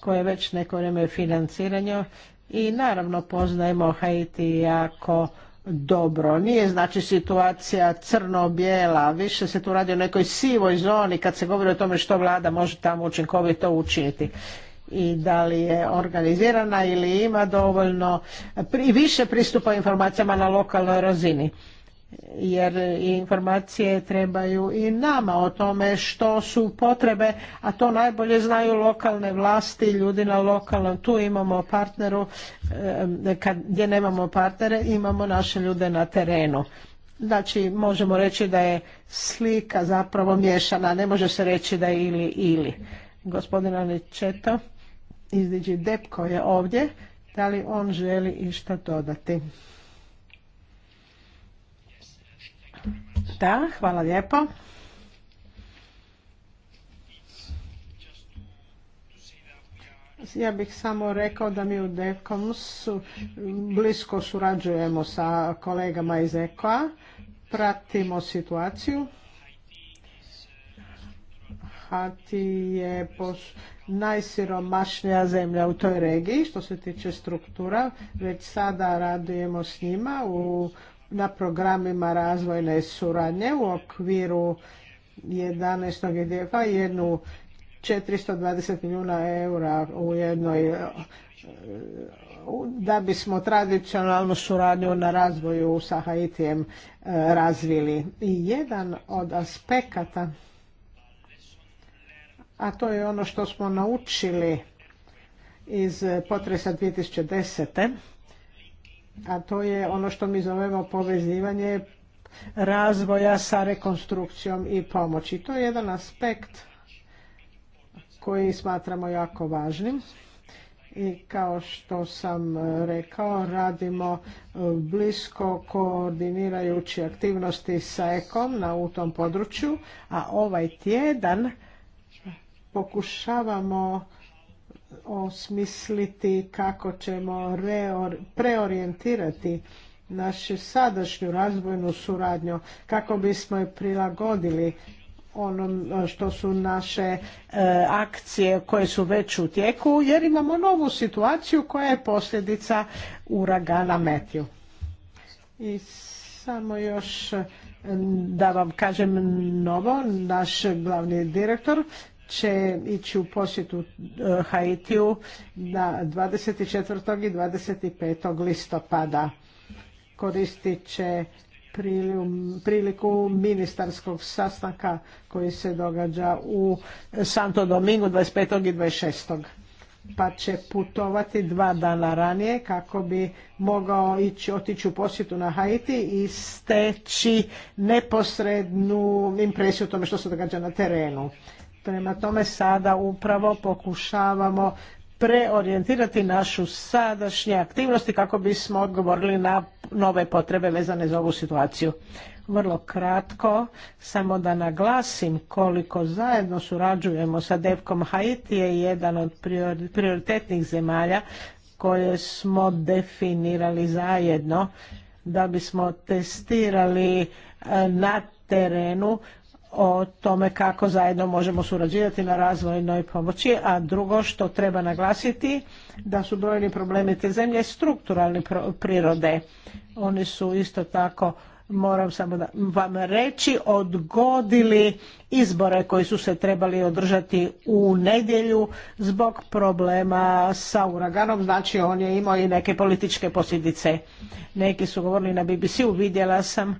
koje već neko vrijeme financiranje i naravno poznajemo Haiti jako dobro. Nije znači situacija crno-bijela, više se tu radi o nekoj sivoj zoni kad se govori o tome što vlada može tamo učinkovito učiniti i da li je organizirana ili ima dovoljno i više pristupa informacijama na lokalnoj razini jer informacije trebaju i nama o tome što su potrebe, a to najbolje znaju lokalne vlasti, ljudi na lokalnom, tu imamo partneru, e, kad, gdje nemamo partnere, imamo naše ljude na terenu. Znači, možemo reći da je slika zapravo miješana, ne može se reći da je ili ili. Gospodin Četo, izdiđi Depko je ovdje, da li on želi išta dodati? Da, hvala lijepo. Ja bih samo rekao da mi u DECOMS blisko surađujemo sa kolegama iz EKOA, pratimo situaciju. Hati je najsiromašnija zemlja u toj regiji što se tiče struktura. Već sada radujemo s njima u na programima razvojne suradnje u okviru 11. edf jednu 420 milijuna eura u jednoj e, da bismo tradicionalnu suradnju na razvoju sa Haitijem e, razvili. I jedan od aspekata, a to je ono što smo naučili iz potresa 2010 a to je ono što mi zovemo povezivanje razvoja sa rekonstrukcijom i pomoći. To je jedan aspekt koji smatramo jako važnim i kao što sam rekao radimo blisko koordinirajući aktivnosti sa EKOM na u tom području, a ovaj tjedan pokušavamo osmisliti kako ćemo reor, preorijentirati našu sadašnju razvojnu suradnju kako bismo je prilagodili onom e, što su naše e, akcije koje su već u tijeku jer imamo novu situaciju koja je posljedica uragana Metju. I samo još e, da vam kažem novo, naš glavni direktor će ići u posjetu eh, Haitiju na 24. i 25. listopada. Koristit će priliku ministarskog sastanka koji se događa u Santo Domingo 25. i 26. pa će putovati dva dana ranije kako bi mogao ići, otići u posjetu na Haiti i steći neposrednu impresiju o tome što se događa na terenu. Prema tome sada upravo pokušavamo preorijentirati našu sadašnje aktivnosti kako bismo odgovorili na nove potrebe vezane za ovu situaciju. Vrlo kratko, samo da naglasim koliko zajedno surađujemo sa Devkom Haiti je jedan od prioritetnih zemalja koje smo definirali zajedno da bismo testirali eh, na terenu o tome kako zajedno možemo surađivati na razvojnoj pomoći, a drugo što treba naglasiti da su brojni problemi te zemlje strukturalne prirode. Oni su isto tako moram samo da vam reći, odgodili izbore koji su se trebali održati u nedjelju zbog problema sa uraganom, znači on je imao i neke političke posljedice. Neki su govorili na BBC-u, vidjela sam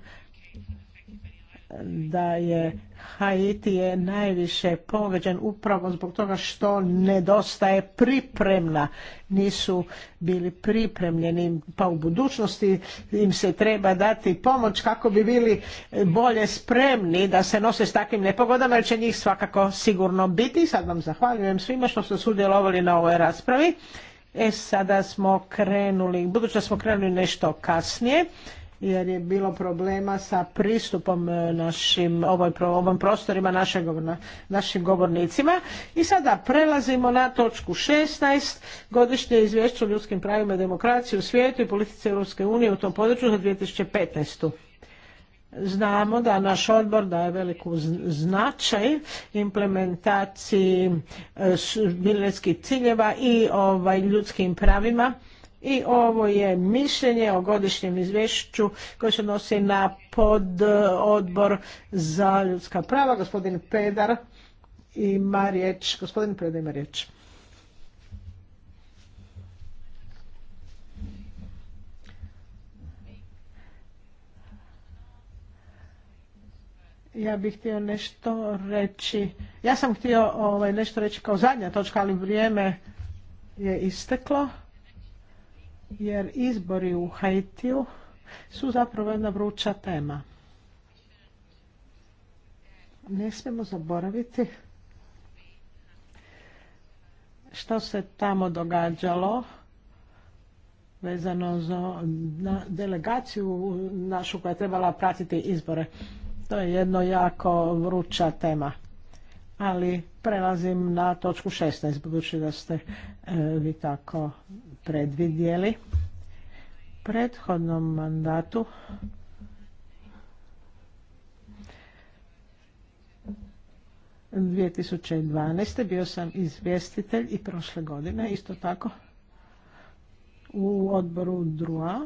da je Haiti je najviše pogođen upravo zbog toga što nedostaje pripremna, nisu bili pripremljeni, pa u budućnosti im se treba dati pomoć kako bi bili bolje spremni da se nose s takvim nepogodama jer će njih svakako sigurno biti. Sad vam zahvaljujem svima što ste sudjelovali na ovoj raspravi. E sada smo krenuli, budući da smo krenuli nešto kasnije, jer je bilo problema sa pristupom e, našim ovoj, ovom prostorima našeg, našim govornicima. I sada prelazimo na točku 16. Godišnje izvješće o ljudskim pravima i demokraciji u svijetu i politici Europske unije u tom području za 2015. Znamo da naš odbor daje veliku značaj implementaciji e, milenijskih ciljeva i ovaj ljudskim pravima i ovo je mišljenje o godišnjem izvješću koje se nosi na pod odbor za ljudska prava. Gospodin Pedar ima riječ. Gospodin Pedar ima riječ. Ja bih htio nešto reći. Ja sam htio ovaj, nešto reći kao zadnja točka, ali vrijeme je isteklo jer izbori u Haitiju su zapravo jedna vruća tema. Ne smijemo zaboraviti što se tamo događalo vezano za delegaciju našu koja je trebala pratiti izbore. To je jedno jako vruća tema. Ali prelazim na točku 16, budući da ste e, vi tako predvidjeli. Prethodnom mandatu U 2012. bio sam izvjestitelj i prošle godine isto tako u odboru DRUA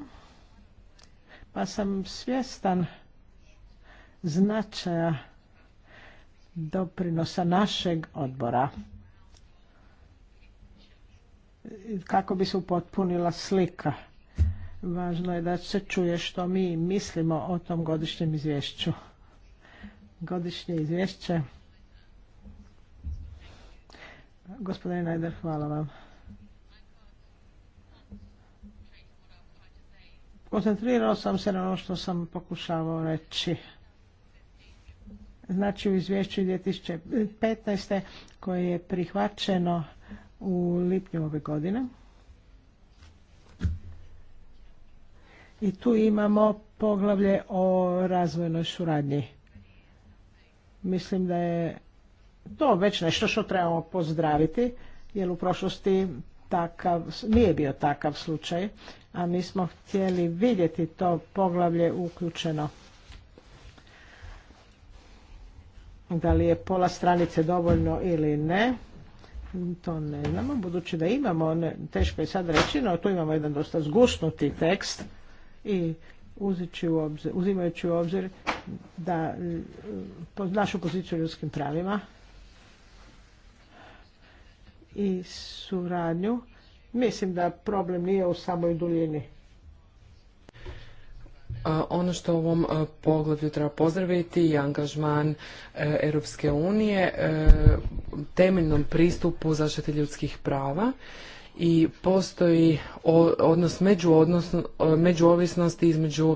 pa sam svjestan značaja doprinosa našeg odbora kako bi se upotpunila slika. Važno je da se čuje što mi mislimo o tom godišnjem izvješću. Godišnje izvješće. Gospodine Najder, hvala vam. Koncentrirao sam se na ono što sam pokušavao reći znači u izvješću 2015. koje je prihvaćeno u lipnju ove godine. I tu imamo poglavlje o razvojnoj suradnji. Mislim da je to već nešto što trebamo pozdraviti, jer u prošlosti takav, nije bio takav slučaj, a mi smo htjeli vidjeti to poglavlje uključeno da li je pola stranice dovoljno ili ne to ne znamo budući da imamo ne, teško je sad reći no tu imamo jedan dosta zgusnuti tekst i u obzir, uzimajući u obzir da našu poziciju ljudskim pravima i suradnju mislim da problem nije u samoj duljini ono što u ovom poglavlju treba pozdraviti je angažman e, Europske unije e, temeljnom pristupu zaštiti ljudskih prava i postoji odnos među e, međuovisnosti između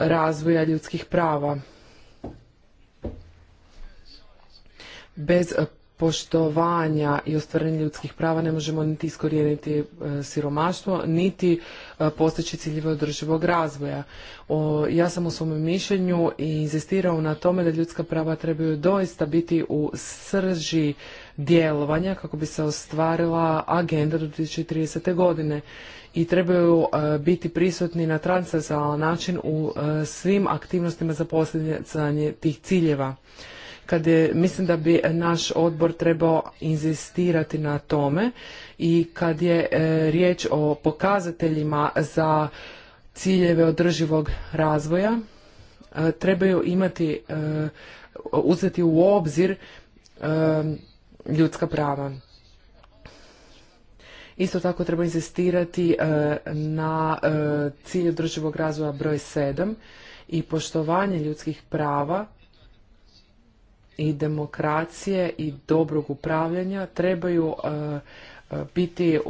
razvoja ljudskih prava. Bez poštovanja i ostvarenja ljudskih prava ne možemo niti iskorijeniti e, siromaštvo, niti e, postići ciljeve održivog razvoja. ja sam u svom mišljenju i inzistirao na tome da ljudska prava trebaju doista biti u srži djelovanja kako bi se ostvarila agenda do 2030. godine i trebaju e, biti prisutni na transversalan način u svim aktivnostima za postizanje tih ciljeva kad je, mislim da bi naš odbor trebao inzistirati na tome i kad je e, riječ o pokazateljima za ciljeve održivog razvoja e, trebaju imati e, uzeti u obzir ljudska prava. Isto tako treba inzistirati na cilju održivog razvoja broj 7 i poštovanje ljudskih prava i demokracije i dobrog upravljanja trebaju e, e, biti e,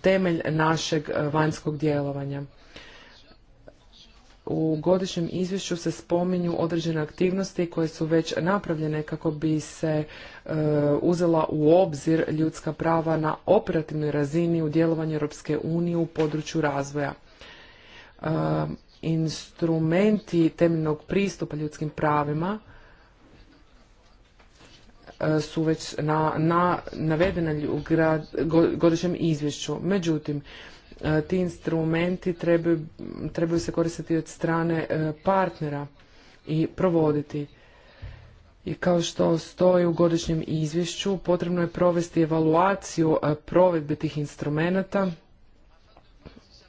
temelj našeg vanjskog djelovanja. U godišnjem izvješću se spominju određene aktivnosti koje su već napravljene kako bi se uzela u obzir ljudska prava na operativnoj razini u djelovanju Europske unije u području razvoja. instrumenti temeljnog pristupa ljudskim pravima E, su već na, na, u godišnjem izvješću. Međutim, e, ti instrumenti trebaju, trebaju se koristiti od strane e, partnera i provoditi. I kao što stoji u godišnjem izvješću, potrebno je provesti evaluaciju provedbe tih instrumenata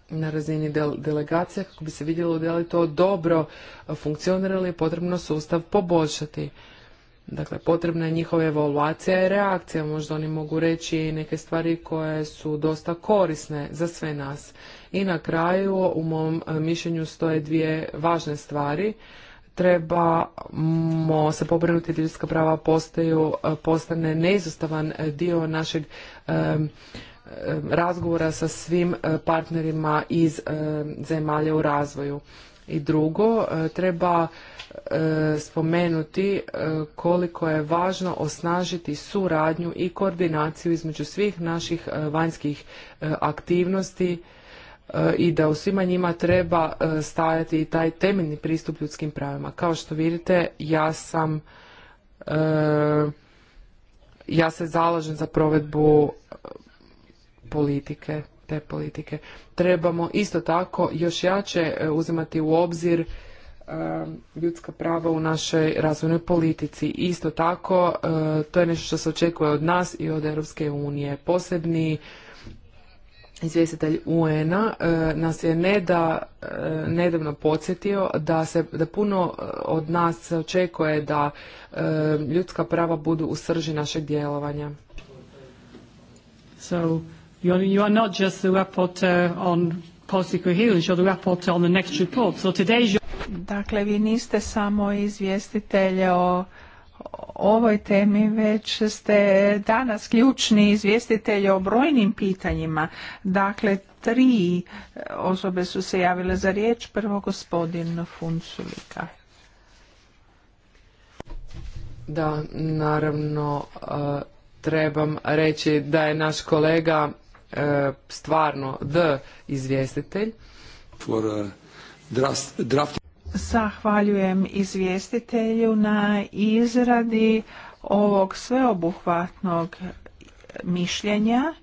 na razini delegacija kako bi se vidjelo da li to dobro funkcionira ili je potrebno sustav poboljšati. Dakle, potrebna je njihova evaluacija i reakcija. Možda oni mogu reći neke stvari koje su dosta korisne za sve nas. I na kraju, u mom e, mišljenju stoje dvije važne stvari. Trebamo se pobrinuti da ljudska prava postaju, e, postane neizostavan e, dio našeg razgovora sa svim partnerima iz zemalja u razvoju. I drugo, e, treba e, spomenuti e, koliko je važno osnažiti suradnju i koordinaciju između svih naših vanjskih aktivnosti i da u svima njima treba stajati i taj temeljni pristup ljudskim pravima. Kao što vidite, ja sam ja se zalažem za provedbu politike te politike. Trebamo isto tako još jače e, uzimati u obzir e, ljudska prava u našoj razvojnoj politici. Isto tako, e, to je nešto što se očekuje od nas i od Europske unije. Posebni izvjestitelj UN-a nas je nedavno podsjetio da se da puno od nas se očekuje da ljudska prava budu u srži našeg djelovanja. So, You're, you are not just the rapporteur on policy coherence, you're the rapporteur on the next report. So today's your... Dakle, vi niste samo izvjestitelj o ovoj temi, već ste danas ključni izvjestitelj o brojnim pitanjima. Dakle, tri osobe su se javile za riječ. Prvo gospodin Funculika. Da, naravno eh, trebam reći da je naš kolega E, stvarno d. izvjestitelj. For e, Zahvaljujem izvjestitelju na izradi ovog sveobuhvatnog mišljenja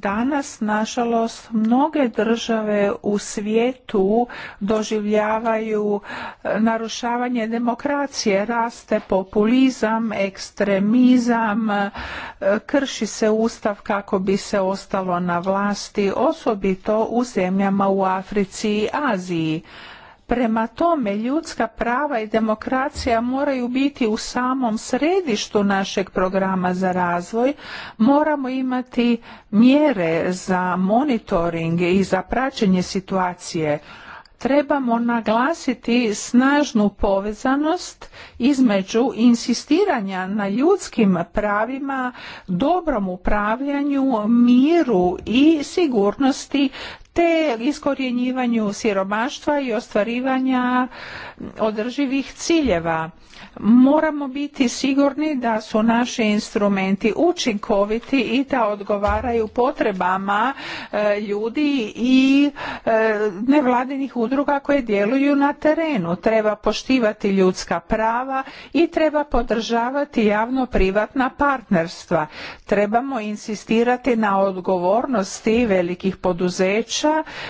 Danas, nažalost, mnoge države u svijetu doživljavaju e, narušavanje demokracije, raste populizam, ekstremizam, e, krši se ustav kako bi se ostalo na vlasti, osobito u zemljama u Africi i Aziji. Prema tome, ljudska prava i demokracija moraju biti u samom središtu našeg programa za razvoj. Moramo imati mjere za monitoring i za praćenje situacije. Trebamo naglasiti snažnu povezanost između insistiranja na ljudskim pravima, dobrom upravljanju, miru i sigurnosti te iskorjenjivanju siromaštva i ostvarivanja održivih ciljeva. Moramo biti sigurni da su naši instrumenti učinkoviti i da odgovaraju potrebama e, ljudi i e, nevladinih udruga koje djeluju na terenu. Treba poštivati ljudska prava i treba podržavati javno-privatna partnerstva. Trebamo insistirati na odgovornosti velikih poduzeća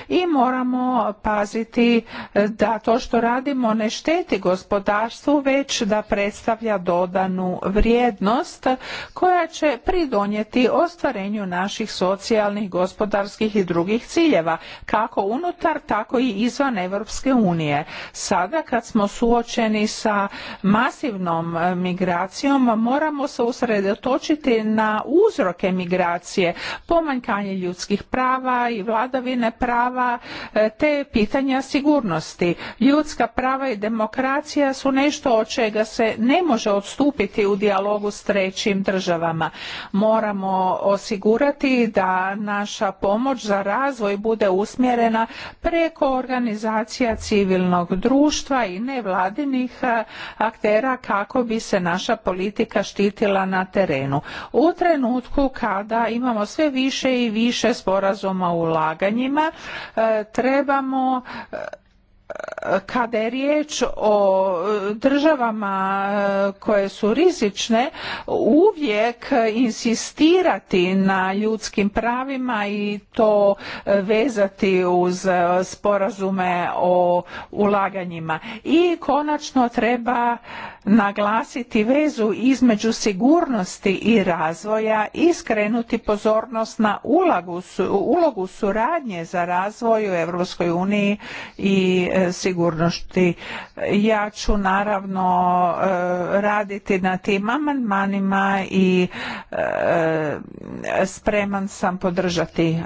i moramo paziti e, da to što radimo ne šteti gospodarstvu već da predstavlja dodanu vrijednost koja će pridonijeti ostvarenju naših socijalnih, gospodarskih i drugih ciljeva kako unutar tako i izvan Europske unije. Sada kad smo suočeni sa masivnom e, migracijom moramo se usredotočiti na uzroke migracije, pomanjkanje ljudskih prava i vladavine prava e, te pitanja sigurnosti. Ljudska prava i demokracija su nešto od čega se ne može odstupiti u dijalogu s trećim državama. Moramo osigurati da naša pomoć za razvoj bude usmjerena preko organizacija civilnog društva i nevladinih e, aktera kako bi se naša politika štitila na terenu. U trenutku kada imamo sve više i više sporazuma o ulaganjima E, trebamo kada je riječ o državama e, koje su rizične uvijek insistirati na ljudskim pravima i to vezati uz e, sporazume o ulaganjima i konačno treba naglasiti vezu između sigurnosti i razvoja i skrenuti pozornost na ulogu, ulogu suradnje za razvoj u Europskoj uniji i e, sigurnosti. Ja ću naravno e, raditi na tim amandmanima i e, spreman sam podržati.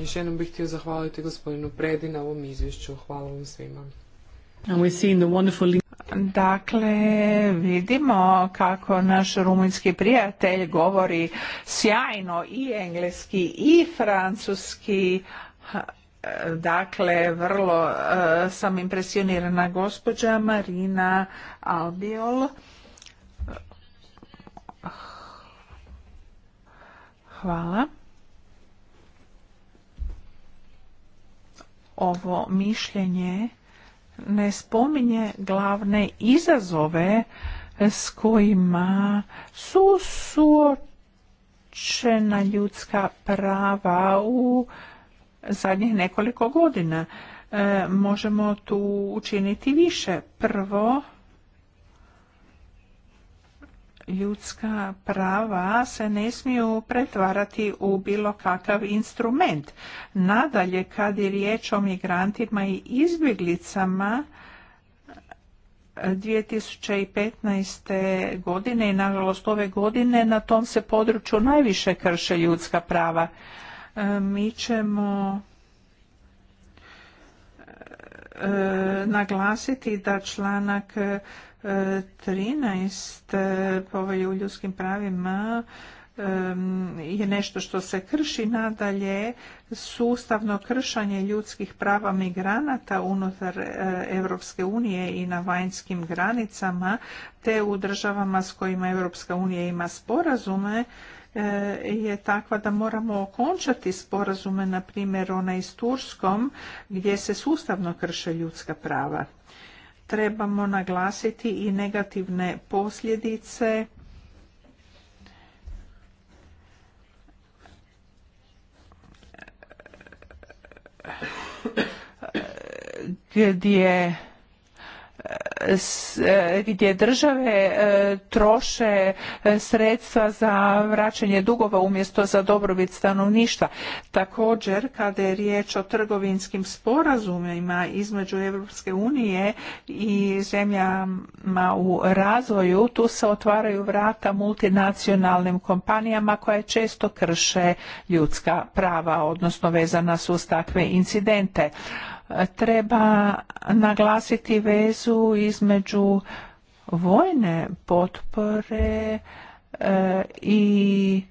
Još jednom bih htio zahvaliti gospodinu Predi na ovom izvješću. Hvala vam svima. Dakle, vidimo kako naš rumunjski prijatelj govori sjajno i engleski i francuski Dakle, vrlo eh, sam impresionirana gospođa Marina Albiol. Hvala. Ovo mišljenje ne spominje glavne izazove s kojima su suočena ljudska prava u zadnjih nekoliko godina. E, možemo tu učiniti više. Prvo, ljudska prava se ne smiju pretvarati u bilo kakav instrument. Nadalje, kad je riječ o migrantima i izbjeglicama, 2015. godine i nažalost ove godine na tom se području najviše krše ljudska prava. E, mi ćemo e, naglasiti da članak 13 povelje u ljudskim pravima e, je nešto što se krši nadalje sustavno kršanje ljudskih prava migranata unutar Europske unije i na vanjskim granicama te u državama s kojima Europska unija ima sporazume E, je takva da moramo okončati sporazume, na primjer onaj s Turskom, gdje se sustavno krše ljudska prava. Trebamo naglasiti i negativne posljedice gdje E, gdje države e, troše e, sredstva za vraćanje dugova umjesto za dobrobit stanovništva. Također, kada je riječ o trgovinskim sporazumima između Europske unije i zemljama u razvoju, tu se otvaraju vrata multinacionalnim kompanijama koje često krše ljudska prava, odnosno vezana su uz takve incidente treba naglasiti vezu između vojne potpore e, i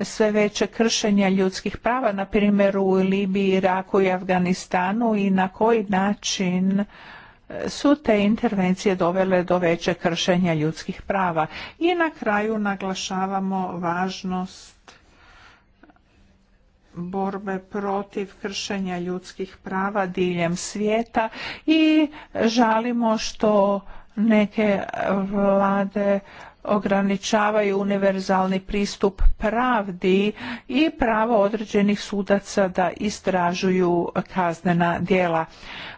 sve veće kršenja ljudskih prava, na primjer u Libiji, Iraku i Afganistanu i na koji način su te intervencije dovele do veće kršenja ljudskih prava. I na kraju naglašavamo važnost borbe protiv kršenja ljudskih prava diljem svijeta i žalimo što neke vlade ograničavaju univerzalni pristup pravdi i pravo određenih sudaca da istražuju kaznena djela.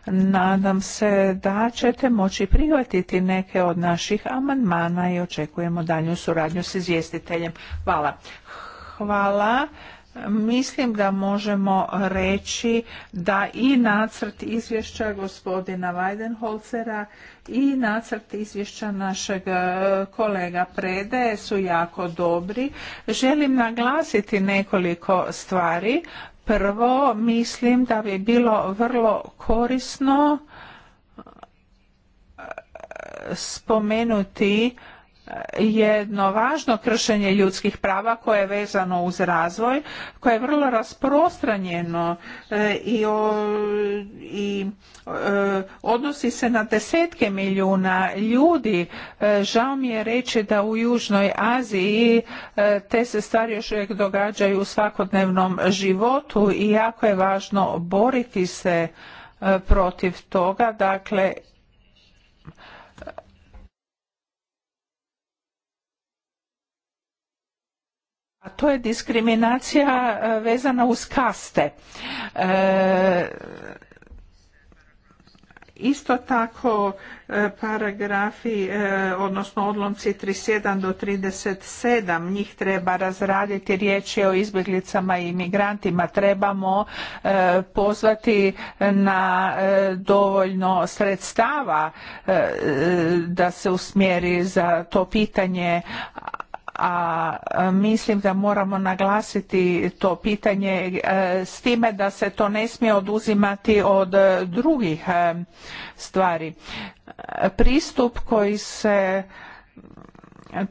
Nadam se da ćete moći prihvatiti neke od naših amandmana i očekujemo daljnju suradnju s izvjestiteljem. Hvala. Hvala. Mislim da možemo reći da i nacrt izvješća gospodina Weidenholzera i nacrt izvješća našeg e, kolega Prede su jako dobri. Želim naglasiti nekoliko stvari. Prvo, mislim da bi bilo vrlo korisno e, spomenuti jedno važno kršenje ljudskih prava koje je vezano uz razvoj, koje je vrlo rasprostranjeno e, i, i e, odnosi se na desetke milijuna ljudi. E, žao mi je reći da u Južnoj Aziji te se stvari još uvijek događaju u svakodnevnom životu i jako je važno boriti se protiv toga. Dakle, A to je diskriminacija e, vezana uz kaste. E, isto tako e, paragrafi, odnosno odlomci 37 do 37, njih treba razraditi, riječ je o izbjeglicama i migrantima, trebamo pozvati na dovoljno sredstava da se usmjeri za to pitanje, a mislim da moramo naglasiti to pitanje e, s time da se to ne smije oduzimati od drugih e, stvari. Pristup koji se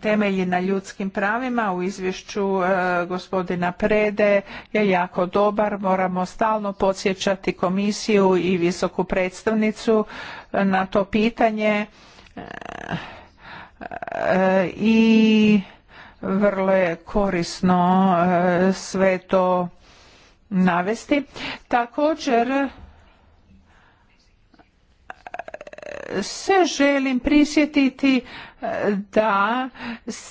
temelji na ljudskim pravima u izvješću e, gospodina Prede je jako dobar. Moramo stalno podsjećati komisiju i visoku predstavnicu na to pitanje i vrlo je korisno e, sve to navesti. Također e, se želim prisjetiti da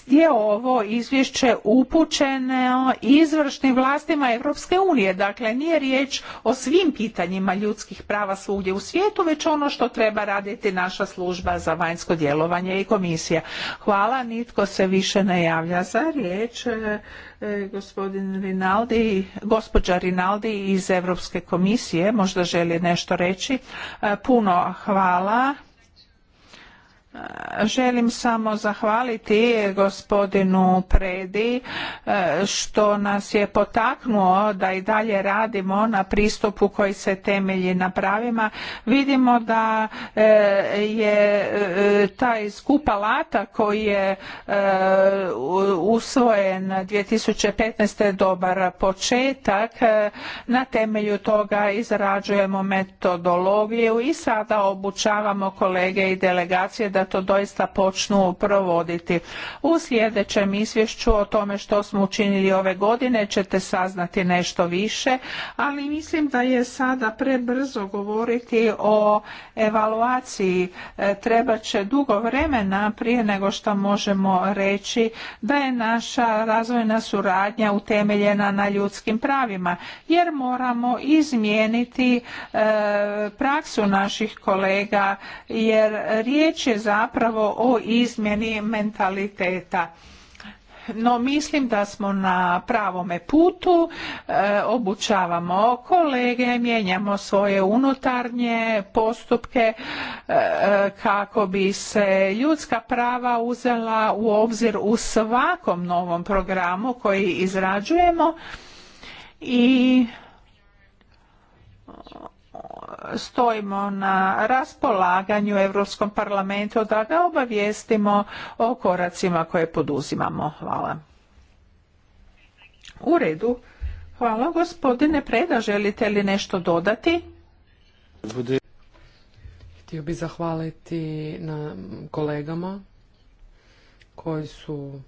je ovo izvješće upućeno izvršnim vlastima Europske unije. Dakle, nije riječ o svim pitanjima ljudskih prava svugdje u svijetu, već ono što treba raditi naša služba za vanjsko djelovanje i komisija. Hvala, nitko se više ne javlja za riječ. E, e, gospodin Rinaldi, gospođa Rinaldi iz Europske komisije možda želi nešto reći. E, puno hvala. Želim samo zahvaliti gospodinu Predi e, što nas je potaknuo da i dalje radimo na pristupu koji se temelji na pravima. Vidimo da e, je e, taj skup alata koji je usvojen 2015. dobar početak. Na temelju toga izrađujemo metodologiju i sada obučavamo kolege i delegacije da to doista počnu provoditi. U sljedećem izvješću o tome što smo učinili ove godine ćete saznati nešto više, ali mislim da je sada prebrzo govoriti o evaluaciji. E, treba će dugo vremena prije nego što možemo reći da je naša razvojna suradnja utemeljena na ljudskim pravima, jer moramo izmijeniti e, praksu naših kolega, jer riječ je za zapravo o izmjeni mentaliteta no mislim da smo na pravome putu e, obučavamo kolege mijenjamo svoje unutarnje postupke e, kako bi se ljudska prava uzela u obzir u svakom novom programu koji izrađujemo i stojimo na raspolaganju Europskom parlamentu da ga obavijestimo o koracima koje poduzimamo. Hvala. U redu. Hvala gospodine Preda. Želite li nešto dodati? Htio bih zahvaliti na kolegama koji su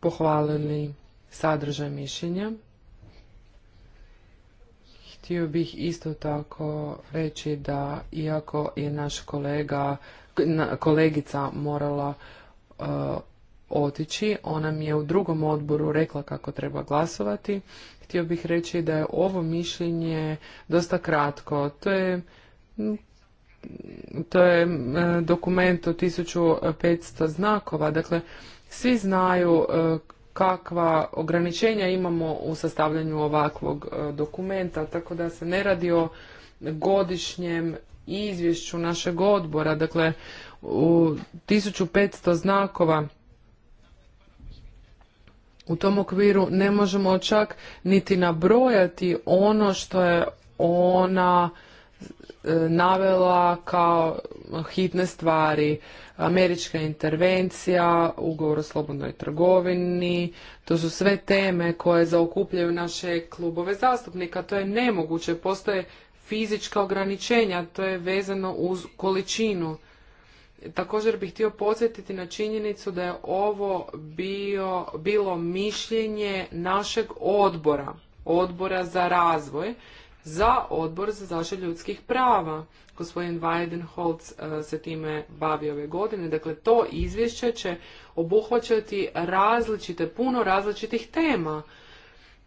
pohvalili sadržaj mišljenja. Htio bih isto tako reći da iako je naš kolega, kolegica morala uh, otići, ona mi je u drugom odboru rekla kako treba glasovati. Htio bih reći da je ovo mišljenje dosta kratko. To je to je dokument od 1500 znakova, dakle svi znaju uh, kakva ograničenja imamo u sastavljanju ovakvog e, dokumenta, tako da se ne radi o godišnjem izvješću našeg odbora, dakle u 1500 znakova u tom okviru ne možemo čak niti nabrojati ono što je ona E, navela kao hitne stvari. Američka intervencija, ugovor o slobodnoj trgovini, to su sve teme koje zaokupljaju naše klubove zastupnika. To je nemoguće, postoje fizička ograničenja, to je vezano uz količinu. Također bih htio podsjetiti na činjenicu da je ovo bio, bilo mišljenje našeg odbora, odbora za razvoj, za odbor za zaštitu ljudskih prava. Gospodin Weidenholz e, se time bavi ove godine. Dakle, to izvješće će obuhvaćati različite, puno različitih tema.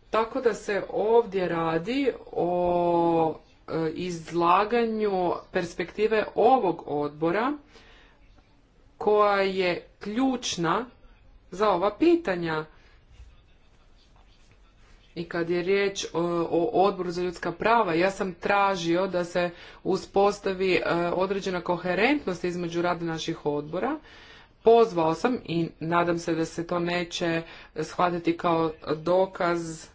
Tako da se ovdje radi o e, izlaganju perspektive ovog odbora koja je ključna za ova pitanja i kad je riječ o, odboru za ljudska prava, ja sam tražio da se uspostavi e, određena koherentnost između rada naših odbora. Pozvao sam i nadam se da se to neće shvatiti kao dokaz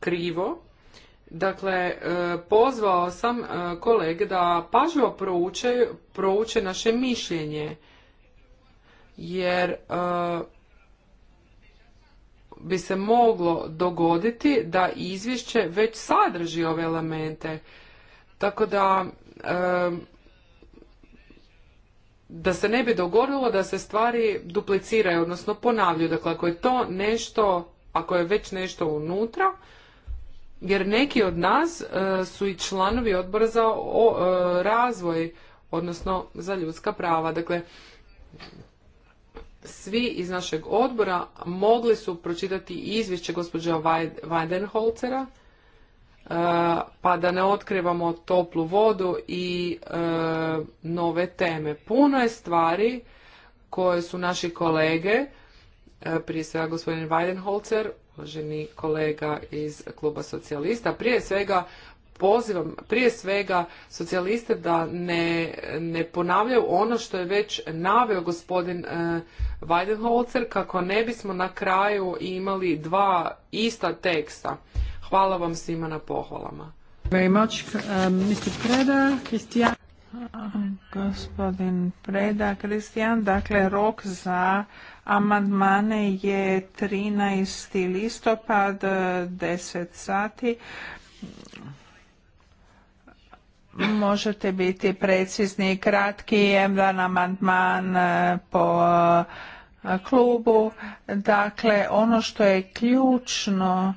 krivo Dakle, e, pozvao sam e, kolege da pažljivo prouče, prouče naše mišljenje, jer e, bi se moglo dogoditi da izvješće već sadrži ove elemente. Tako da da se ne bi dogodilo da se stvari dupliciraju, odnosno ponavljaju. Dakle, ako je to nešto, ako je već nešto unutra, jer neki od nas e, su i članovi odbora za e, razvoj, odnosno za ljudska prava. Dakle, svi iz našeg odbora mogli su pročitati izvješće gospođa Weidenholzera, e, pa da ne otkrivamo toplu vodu i nove teme. Puno je stvari koje su naši kolege, prije svega gospodin Weidenholzer, uvaženi kolega iz kluba socijalista. Prije svega pozivam prije svega socijaliste da ne, ne ponavljaju ono što je već naveo gospodin e, Weidenholzer kako ne bismo na kraju imali dva ista teksta. Hvala vam svima na pohvalama. Very much. Um, Mr. Preda, Christian. Gospodin Preda, Kristijan, dakle rok za Amandmane je 13. listopad, 10 sati. Možete biti precizni i kratki, jedan amandman e, po e, klubu. Dakle, ono što je ključno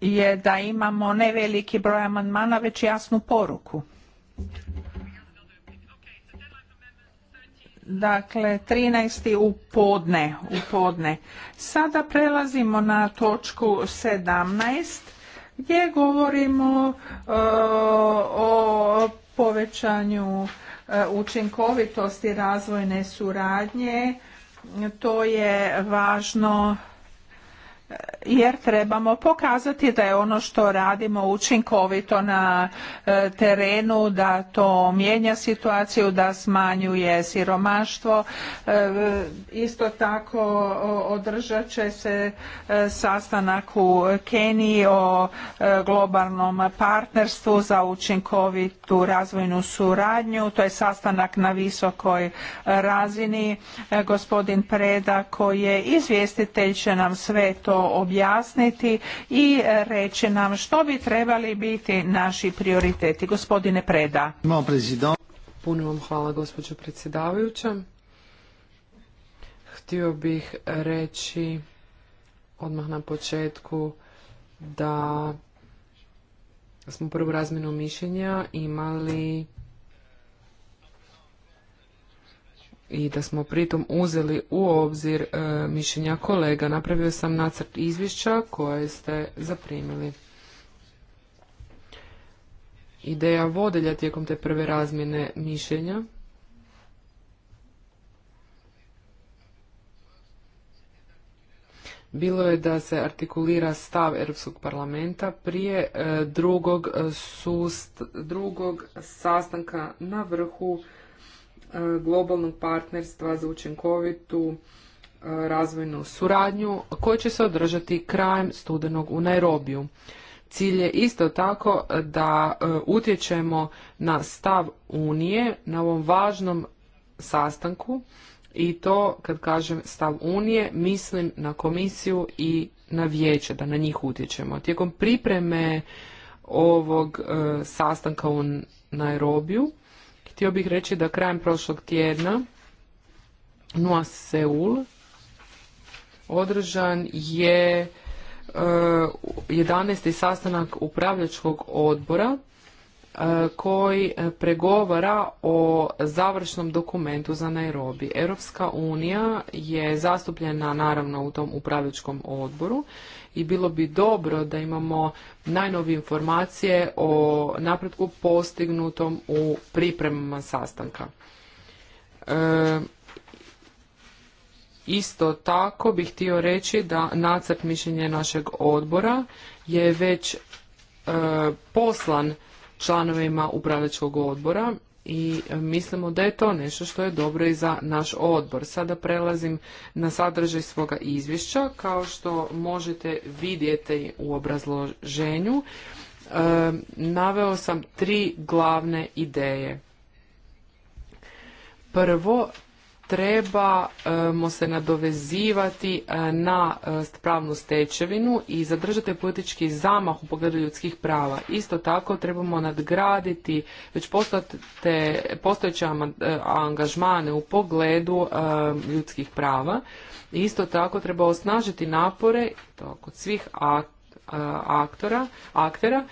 je da imamo ne veliki broj amandmana, već jasnu poruku. Dakle, 13. u podne, u podne. Sada prelazimo na točku 17 gdje govorimo e, o povećanju e, učinkovitosti razvojne suradnje. To je važno jer trebamo pokazati da je ono što radimo učinkovito na e, terenu, da to mijenja situaciju, da smanjuje siromaštvo. E, isto tako održat će se e, sastanak u Keniji o globalnom partnerstvu za učinkovitu razvojnu suradnju. To je sastanak na visokoj razini. Gospodin Preda koji je izvjestitelj će nam sve to objasniti i reći nam što bi trebali biti naši prioriteti. Gospodine Preda. Puno vam hvala gospođo predsjedavajuća. Htio bih reći odmah na početku da smo prvu razmjenu mišljenja imali i da smo pritom uzeli u obzir e, mišljenja kolega. Napravio sam nacrt izvješća koje ste zaprimili. Ideja vodelja tijekom te prve razmjene mišljenja bilo je da se artikulira stav Europskog parlamenta prije e, drugog, e, drugog sastanka na vrhu E, globalnog partnerstva za učinkovitu e, razvojnu suradnju koji će se održati krajem studenog u Nairobiju. Cilj je isto tako da e, utječemo na stav Unije na ovom važnom sastanku i to kad kažem stav Unije mislim na komisiju i na vijeće da na njih utječemo. Tijekom pripreme ovog sastanka u Nairobiju Htio bih reći da krajem prošlog tjedna Nua Seul održan je 11. E, sastanak upravljačkog odbora koji e, pregovara o završnom dokumentu za Nairobi. Europska unija je zastupljena naravno u tom upravljačkom odboru i bilo bi dobro da imamo najnovije informacije o napretku postignutom u pripremama sastanka. E, isto tako bih htio reći da nacrt mišljenja našeg odbora je već e, poslan članovima upravljačkog odbora i e, mislimo da je to nešto što je dobro i za naš odbor. Sada prelazim na sadržaj svoga izvješća. Kao što možete vidjeti u obrazloženju, e, naveo sam tri glavne ideje. Prvo, trebamo se nadovezivati e, na e, pravnu stečevinu i zadržati politički zamah u pogledu ljudskih prava. Isto tako trebamo nadgraditi već postojeće e, angažmane u pogledu ljudskih prava. Isto tako treba osnažiti napore to kod svih aktora, aktera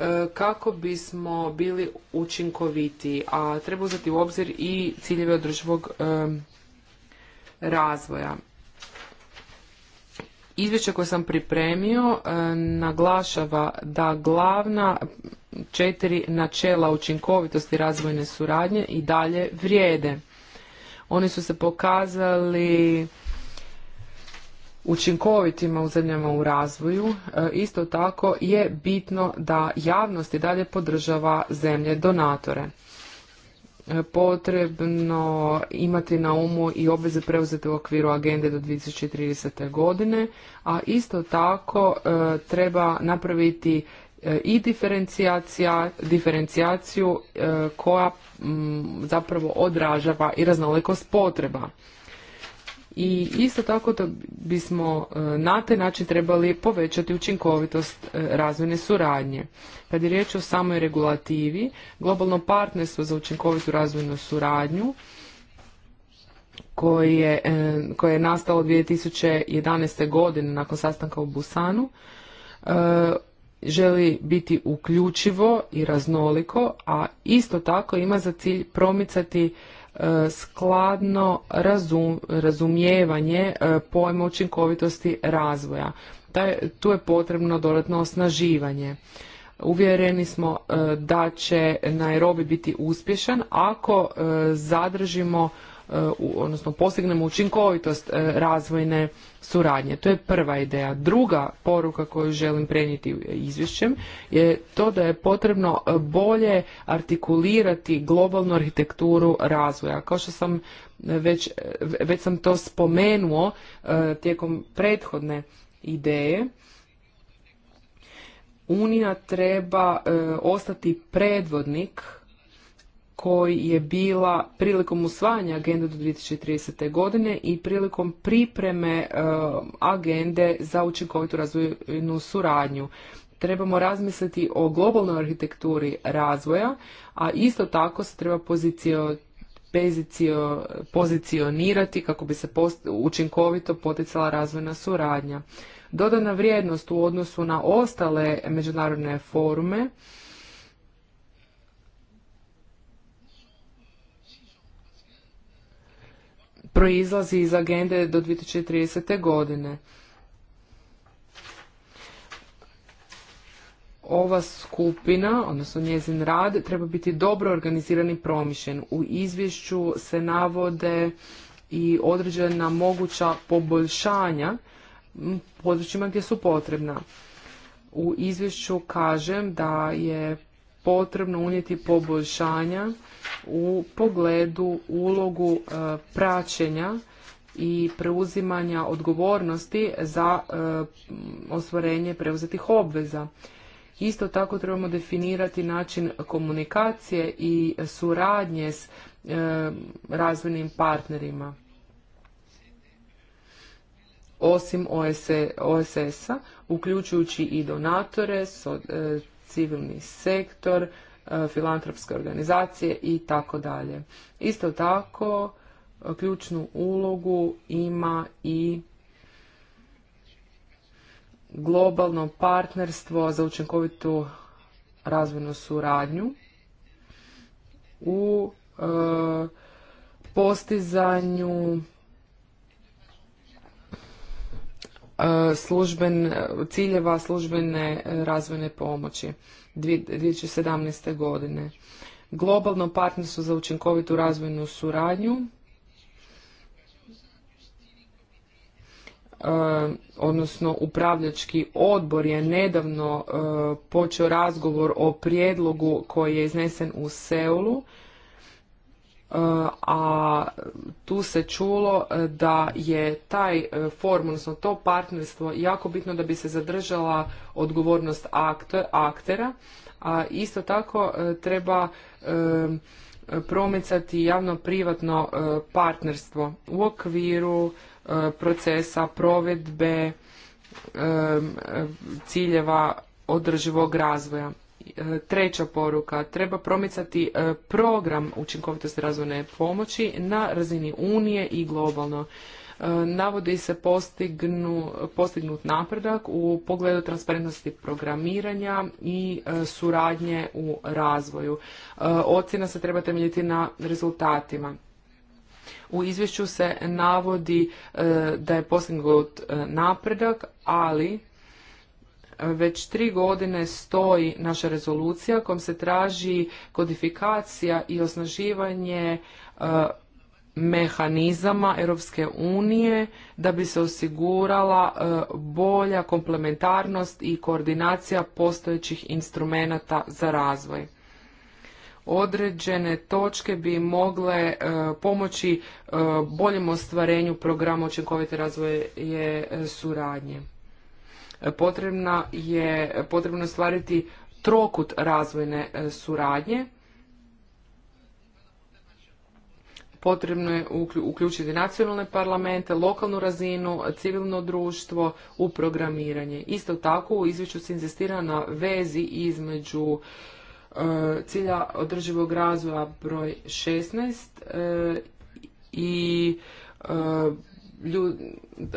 E, kako bismo bili učinkoviti, a treba uzeti u obzir i ciljeve održivog e, razvoja. Izvješće koje sam pripremio e, naglašava da glavna četiri načela učinkovitosti razvojne suradnje i dalje vrijede. Oni su se pokazali učinkovitima u zemljama u razvoju, e, isto tako je bitno da javnost i dalje podržava zemlje donatore. E, potrebno imati na umu i obveze preuzete u okviru agende do 2030. godine, a isto tako e, treba napraviti i diferencijaciju koja zapravo odražava i raznolikost potreba i isto tako da bismo e, na taj način trebali povećati učinkovitost e, razvojne suradnje. Kad je riječ o samoj regulativi, globalno partnerstvo za učinkovitu razvojnu suradnju koje, e, koje je nastalo 2011. godine nakon sastanka u Busanu, želi biti uključivo i raznoliko, a isto tako ima za cilj promicati E, skladno razumijevanje e, pojma učinkovitosti razvoja. Taj, tu je potrebno dodatno osnaživanje. Uvjereni smo e, da će Nairobi biti uspješan ako zadržimo E, odnosno postignemo učinkovitost e, razvojne suradnje. To je prva ideja. Druga poruka koju želim prenijeti izvješćem je to da je potrebno e, bolje artikulirati globalnu arhitekturu razvoja. Kao što sam već, već sam to spomenuo tijekom prethodne ideje, Unija treba ostati predvodnik koji je bila prilikom usvajanja agende do 2030. godine i prilikom pripreme e, agende za učinkovitu razvojnu suradnju. Trebamo razmisliti o globalnoj arhitekturi razvoja, a isto tako se treba pozicionirati kako bi se učinkovito poticala razvojna suradnja. Dodana vrijednost u odnosu na ostale međunarodne forume proizlazi iz agende do 2030. godine. Ova skupina, odnosno njezin rad, treba biti dobro organiziran i promišljen. U izvješću se navode i određena moguća poboljšanja područjima gdje su potrebna. U izvješću kažem da je potrebno unijeti poboljšanja u pogledu ulogu e, praćenja i preuzimanja odgovornosti za e, ostvarenje preuzetih obveza. Isto tako trebamo definirati način komunikacije i suradnje s e, razvojnim partnerima. Osim OSS-a, uključujući i donatore, civilni sektor, e, filantropske organizacije i tako dalje. Isto tako, e, ključnu ulogu ima i globalno partnerstvo za učinkovitu razvojnu suradnju u e, postizanju E, služben, ciljeva službene e, razvojne pomoći 2017. godine. Globalno partnerstvo za učinkovitu razvojnu suradnju, e, odnosno upravljački odbor je nedavno počeo razgovor o prijedlogu koji je iznesen u Seulu a tu se čulo e, da je taj e, form, odnosno to partnerstvo jako bitno da bi se zadržala odgovornost aktera, a isto tako e, treba promicati javno-privatno partnerstvo u okviru procesa provedbe ciljeva održivog razvoja. E, treća poruka, treba promicati e, program učinkovitosti razvojne pomoći na razini Unije i globalno. E, navodi se postignut napredak u pogledu transparentnosti programiranja i suradnje u razvoju. Ocjena se treba temeljiti na rezultatima. U izvješću se navodi da je postignut napredak, ali već tri godine stoji naša rezolucija kojom se traži kodifikacija i osnaživanje e, mehanizama Europske unije da bi se osigurala e, bolja komplementarnost i koordinacija postojećih instrumenata za razvoj. Određene točke bi mogle e, pomoći boljem ostvarenju programa učinkovite razvoje suradnje. Potrebna je, potrebno je stvariti trokut razvojne e, suradnje. Potrebno je uključiti nacionalne parlamente, lokalnu razinu, civilno društvo u programiranje. Isto tako u izvješću se inzistira na vezi između e, cilja održivog razvoja broj 16 e, i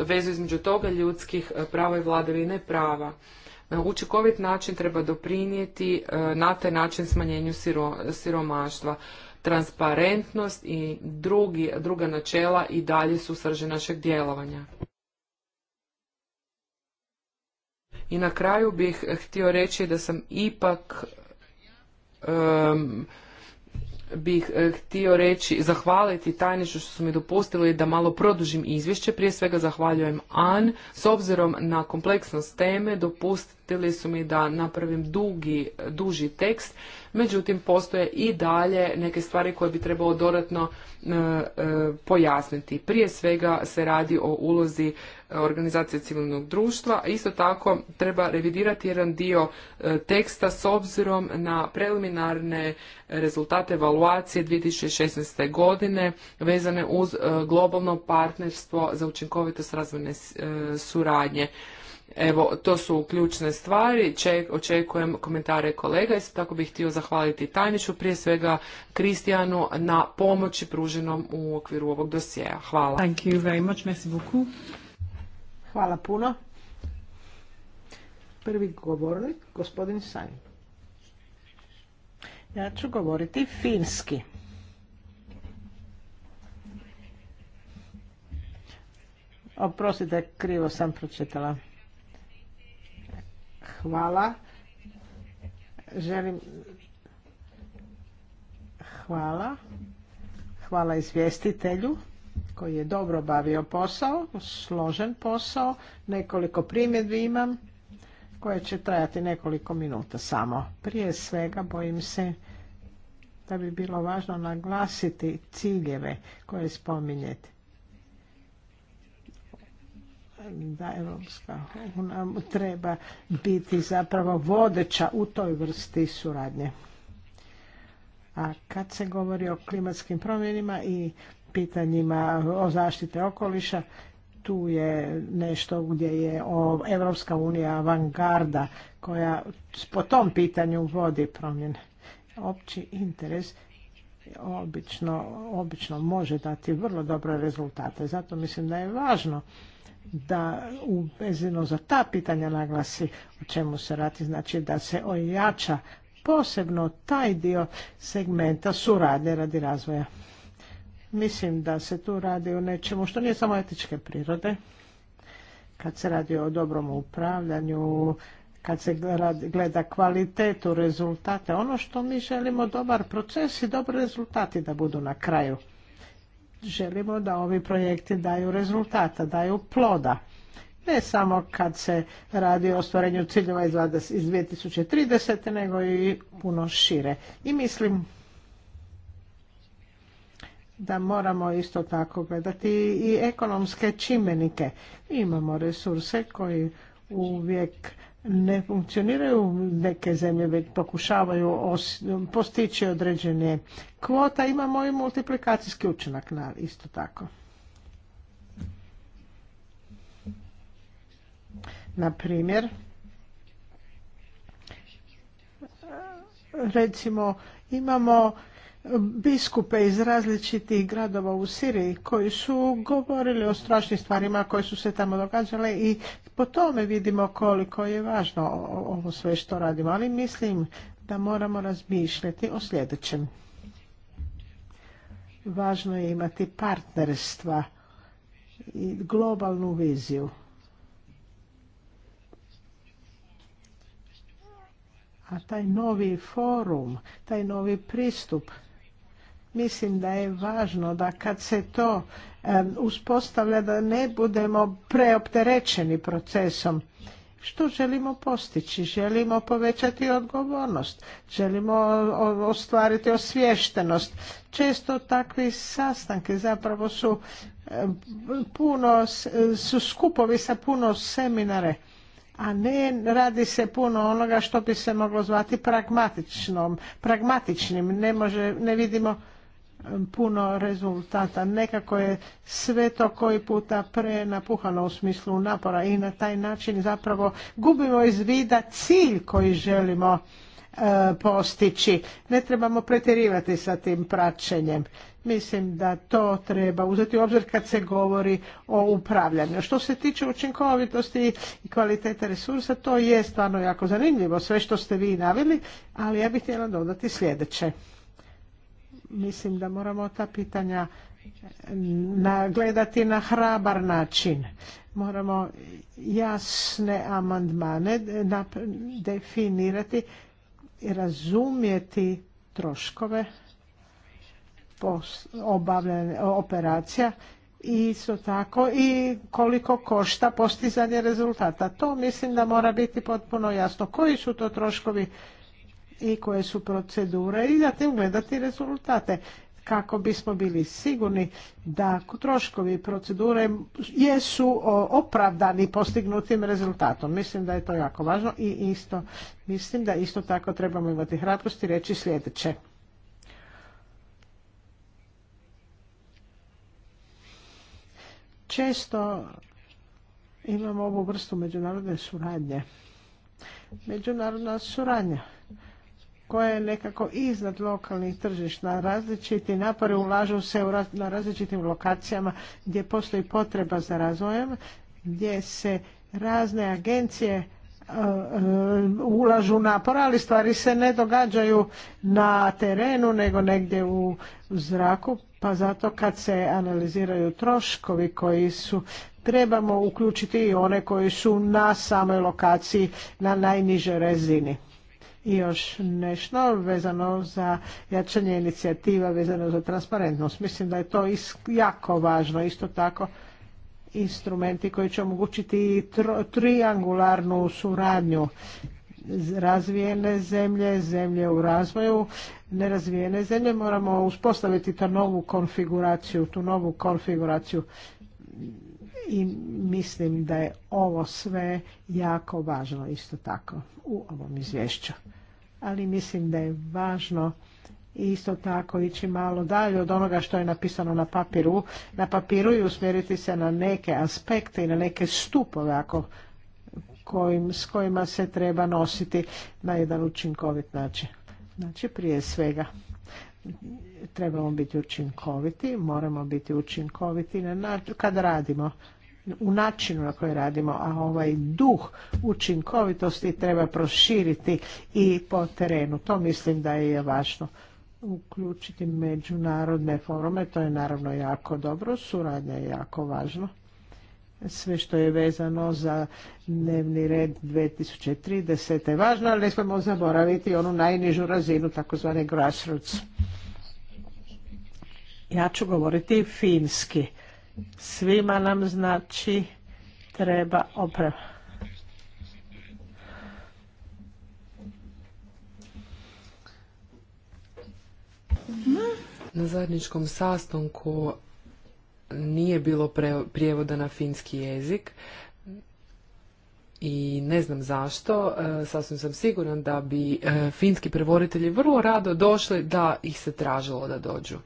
vezu između toga ljudskih e, prava i vladavine prava. Na e, učinkovit način treba doprinijeti e, na taj način smanjenju siromaštva. Transparentnost i drugi, druga načela i dalje su srže našeg djelovanja. I na kraju bih htio reći da sam ipak bih e, htio reći, zahvaliti tajništvu što su mi dopustili da malo produžim izvješće. Prije svega zahvaljujem An. S obzirom na kompleksnost teme dopustili su mi da napravim dugi, duži tekst. Međutim, postoje i dalje neke stvari koje bi trebalo dodatno e, e, pojasniti. Prije svega se radi o ulozi organizacije civilnog društva, a isto tako treba revidirati jedan dio e, teksta s obzirom na preliminarne rezultate evaluacije 2016. godine vezane uz e, globalno partnerstvo za učinkovitost razvojne e, suradnje. Evo, to su ključne stvari. Ček, očekujem komentare kolega. Isto tako bih htio zahvaliti tajniču, prije svega Kristijanu, na pomoći pruženom u okviru ovog dosjeja. Hvala. Thank you very much. Hvala puno. Prvi govornik, gospodin Sanj. Ja ću govoriti finski. Oprostite, krivo sam pročitala. Hvala. Želim... Hvala. Hvala izvjestitelju koji je dobro bavio posao, složen posao. Nekoliko primjedbi imam koje će trajati nekoliko minuta samo. Prije svega bojim se da bi bilo važno naglasiti ciljeve koje spominjete. Da Evropska treba biti zapravo vodeća u toj vrsti suradnje. A kad se govori o klimatskim promjenima i pitanjima o zaštite okoliša. Tu je nešto gdje je Evropska unija avangarda koja po tom pitanju vodi promjene. Opći interes obično, obično može dati vrlo dobre rezultate. Zato mislim da je važno da vezano za ta pitanja naglasi o čemu se radi, znači da se ojača posebno taj dio segmenta suradnje radi razvoja. Mislim da se tu radi o nečemu što nije samo etičke prirode, kad se radi o dobrom upravljanju, kad se gleda kvalitetu rezultate, ono što mi želimo dobar proces i dobri rezultati da budu na kraju. Želimo da ovi projekti daju rezultata, daju ploda. Ne samo kad se radi o ostvarenju ciljeva iz 2030. nego i puno šire. I mislim da moramo isto tako gledati i ekonomske čimbenike. Imamo resurse koji uvijek ne funkcioniraju, neke zemlje već pokušavaju postići određene kvota, imamo i multiplikacijski učinak na isto tako. Na primjer, recimo imamo biskupe iz različitih gradova u Siriji koji su govorili o strašnim stvarima koje su se tamo događale i po tome vidimo koliko je važno ovo sve što radimo. Ali mislim da moramo razmišljati o sljedećem. Važno je imati partnerstva i globalnu viziju. A taj novi forum, taj novi pristup Mislim da je važno da kad se to uspostavlja da ne budemo preopterećeni procesom. Što želimo postići? Želimo povećati odgovornost, želimo ostvariti osviještenost. Često takvi sastanke zapravo su puno, su skupovi sa puno seminare, a ne radi se puno onoga što bi se moglo zvati pragmatičnom, pragmatičnim. Ne, može, ne vidimo puno rezultata. Nekako je sve to koji puta prenapuhano u smislu napora i na taj način zapravo gubimo iz vida cilj koji želimo e, postići. Ne trebamo pretjerivati sa tim praćenjem. Mislim da to treba uzeti u obzir kad se govori o upravljanju. Što se tiče učinkovitosti i kvalitete resursa, to je stvarno jako zanimljivo, sve što ste vi naveli, ali ja bih htjela dodati sljedeće mislim da moramo ta pitanja gledati na hrabar način. Moramo jasne amandmane definirati i razumjeti troškove obavljanja operacija i isto tako i koliko košta postizanje rezultata. To mislim da mora biti potpuno jasno. Koji su to troškovi i koje su procedure i da te ugledati rezultate kako bismo bili sigurni da troškovi procedure jesu opravdani postignutim rezultatom. Mislim da je to jako važno i isto mislim da isto tako trebamo imati i reći sljedeće. Često imamo ovu vrstu međunarodne suradnje. Međunarodna suradnja koja je nekako iznad lokalnih tržišta. Različiti napori ulažu se na različitim lokacijama gdje postoji potreba za razvojem, gdje se razne agencije e, e, ulažu napor, ali stvari se ne događaju na terenu nego negdje u zraku, pa zato kad se analiziraju troškovi koji su trebamo uključiti i one koji su na samoj lokaciji na najnižoj razini. I još nešto vezano za jačanje inicijativa, vezano za transparentnost. Mislim da je to jako važno. Isto tako instrumenti koji će omogućiti triangularnu suradnju razvijene zemlje, zemlje u razvoju, nerazvijene zemlje moramo uspostaviti tu novu konfiguraciju, tu novu konfiguraciju i mislim da je ovo sve jako važno isto tako u ovom izvješću. Ali mislim da je važno isto tako ići malo dalje od onoga što je napisano na papiru, na papiru i usmjeriti se na neke aspekte i na neke stupove ako kojim, s kojima se treba nositi na jedan učinkovit način. Znači prije svega trebamo biti učinkoviti, moramo biti učinkoviti na kad radimo, u načinu na koji radimo, a ovaj duh učinkovitosti treba proširiti i po terenu. To mislim da je važno uključiti međunarodne forume, to je naravno jako dobro, suradnja je jako važna sve što je vezano za dnevni red 2030. je važno, ali ne smemo zaboraviti onu najnižu razinu, takozvane grassroots. Ja ću govoriti finski. Svima nam znači treba oprava. Na zajedničkom sastanku nije bilo prijevoda na finski jezik i ne znam zašto, e, sasvim sam siguran da bi e, finski prevoditelji vrlo rado došli da ih se tražilo da dođu.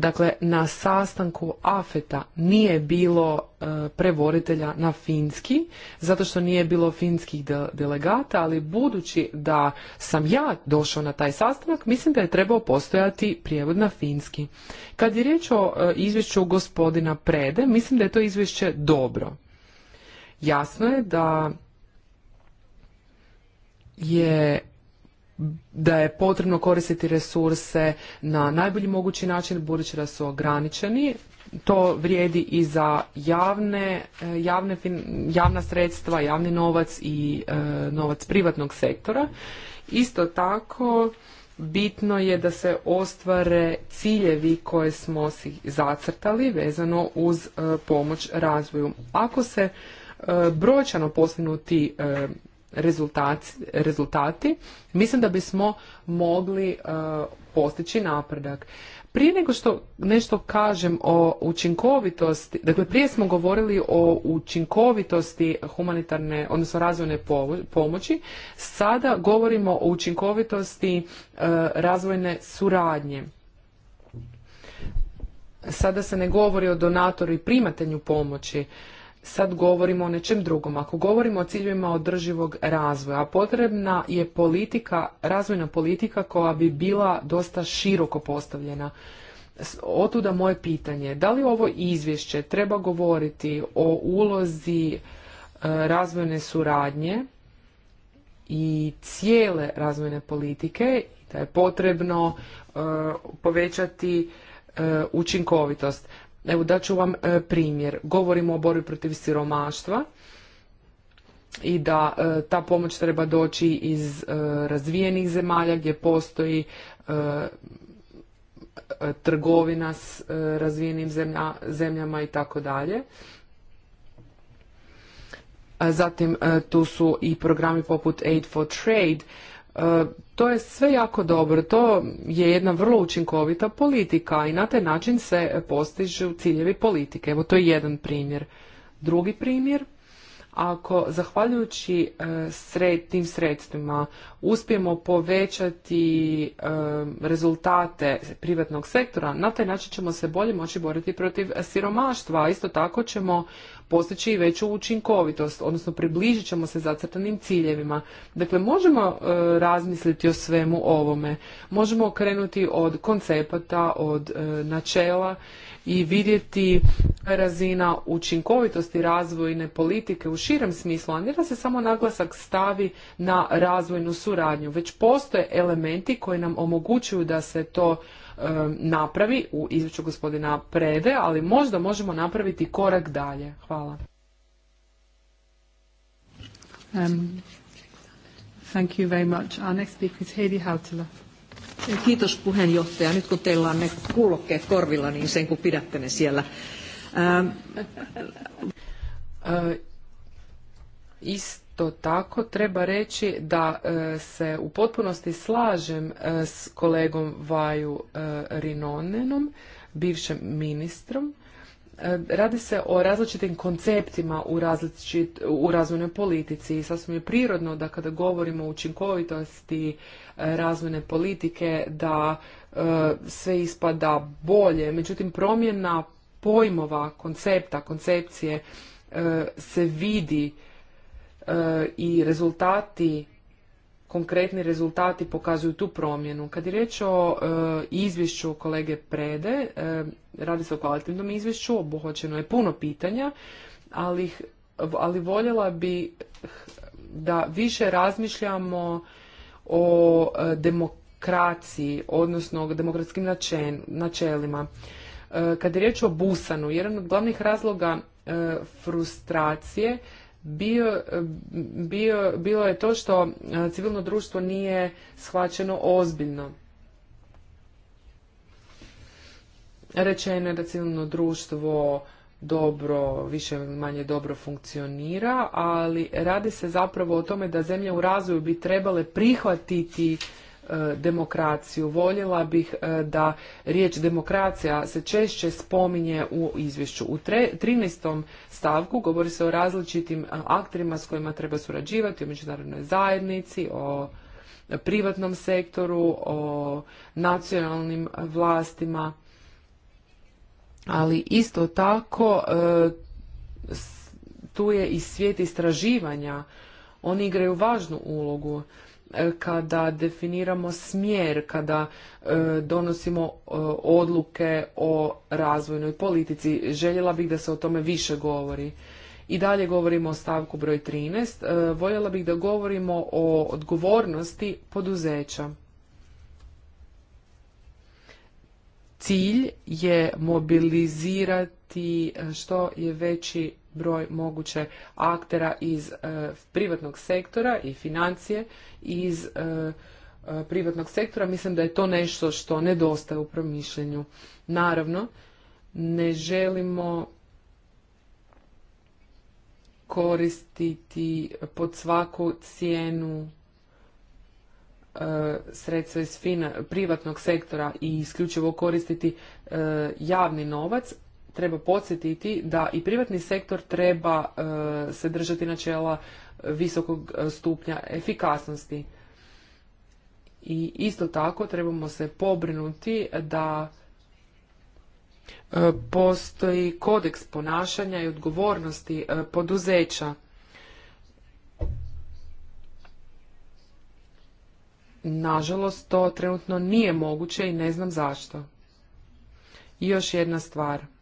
Dakle, na sastanku AFETA nije bilo e, prevoditelja na finski, zato što nije bilo finskih delegata, ali budući da sam ja došao na taj sastanak, mislim da je trebao postojati prijevod na finski. Kad je riječ o e, izvješću gospodina Prede, mislim da je to izvješće dobro. Jasno je da je da je potrebno koristiti resurse na najbolji mogući način budući da su ograničeni. To vrijedi i za javne, eh, javne javna sredstva, javni novac i eh, novac privatnog sektora. Isto tako bitno je da se ostvare ciljevi koje smo si zacrtali vezano uz eh, pomoć razvoju. Ako se brojčano postignuti rezultati, rezultati mislim da bismo mogli e, postići napredak. Prije nego što nešto kažem o učinkovitosti, dakle prije smo govorili o učinkovitosti humanitarne, odnosno razvojne pomoći, sada govorimo o učinkovitosti e, razvojne suradnje. Sada se ne govori o donatoru i primatelju pomoći sad govorimo o nečem drugom. Ako govorimo o ciljevima održivog razvoja, potrebna je politika, razvojna politika koja bi bila dosta široko postavljena. Otuda moje pitanje, da li ovo izvješće treba govoriti o ulozi e, razvojne suradnje i cijele razvojne politike, da je potrebno e, povećati e, učinkovitost. Evo daću vam e, primjer. Govorimo o borbi protiv siromaštva i da e, ta pomoć treba doći iz e, razvijenih zemalja gdje postoji trgovina s razvijenim zemljama i tako dalje. Zatim tu su i programi poput Aid for Trade E, to je sve jako dobro, to je jedna vrlo učinkovita politika i na taj način se postižu ciljevi politike. Evo to je jedan primjer. Drugi primjer, ako zahvaljujući e, tim sredstvima uspijemo povećati e, rezultate privatnog sektora, na taj način ćemo se bolje moći boriti protiv siromaštva, a isto tako ćemo postići i veću učinkovitost, odnosno približit ćemo se zacrtanim ciljevima. Dakle, možemo e, razmisliti o svemu ovome. Možemo krenuti od koncepata, od e, načela i vidjeti razina učinkovitosti razvojne politike u širem smislu, a ne da se samo naglasak stavi na razvojnu suradnju, već postoje elementi koji nam omogućuju da se to napravi u izvješću gospodina Prede, ali možda možemo napraviti korak dalje. Hvala. Um, thank you very much. Our next speaker is Heidi Hautila. Kiitos puheenjohtaja. Nyt kun teillä on ne kuulokkeet korvilla, niin sen kun pidätte ne siellä. Ähm. Äh, ist to tako, treba reći da e, se u potpunosti slažem e, s kolegom Vaju e, Rinonenom, bivšim ministrom. Radi se o različitim konceptima u, u razvojnoj politici i sasvim je prirodno da kada govorimo o učinkovitosti razvojne politike da sve ispada bolje. Međutim, promjena pojmova, koncepta, koncepcije se vidi E, i rezultati konkretni rezultati pokazuju tu promjenu. Kad je riječ o e, izvješću kolege Prede, e, radi se o kvalitetnom izvješću, obuhvaćeno je puno pitanja, ali, ali voljela bi da više razmišljamo o demokraciji, odnosno o demokratskim načelima. Kad je riječ o Busanu, jedan od glavnih razloga frustracije bio, bilo je to što e, civilno društvo nije shvaćeno ozbiljno. Rečeno je da civilno društvo dobro, više manje dobro funkcionira, ali radi se zapravo o tome da zemlje u razvoju bi trebale prihvatiti E, demokraciju. Voljela bih e, da riječ demokracija se češće spominje u izvješću. U 13. stavku govori se o različitim e, akterima s kojima treba surađivati, o međunarodnoj zajednici, o privatnom sektoru, o nacionalnim vlastima, ali isto tako tu je i svijet istraživanja. Oni igraju važnu ulogu. E, kada definiramo smjer, kada e, donosimo e, odluke o razvojnoj politici. Željela bih da se o tome više govori. I dalje govorimo o stavku broj 13. Voljela bih da govorimo o odgovornosti poduzeća. Cilj je mobilizirati što je veći broj moguće aktera iz e, privatnog sektora i financije iz e, e, privatnog sektora. Mislim da je to nešto što nedostaje u promišljenju. Naravno, ne želimo koristiti pod svaku cijenu sredstva iz privatnog sektora i isključivo koristiti javni novac, treba podsjetiti da i privatni sektor treba e, se držati načela visokog e, stupnja efikasnosti. I isto tako trebamo se pobrinuti da e, postoji kodeks ponašanja i odgovornosti poduzeća. Nažalost, to trenutno nije moguće i ne znam zašto. I još jedna stvar –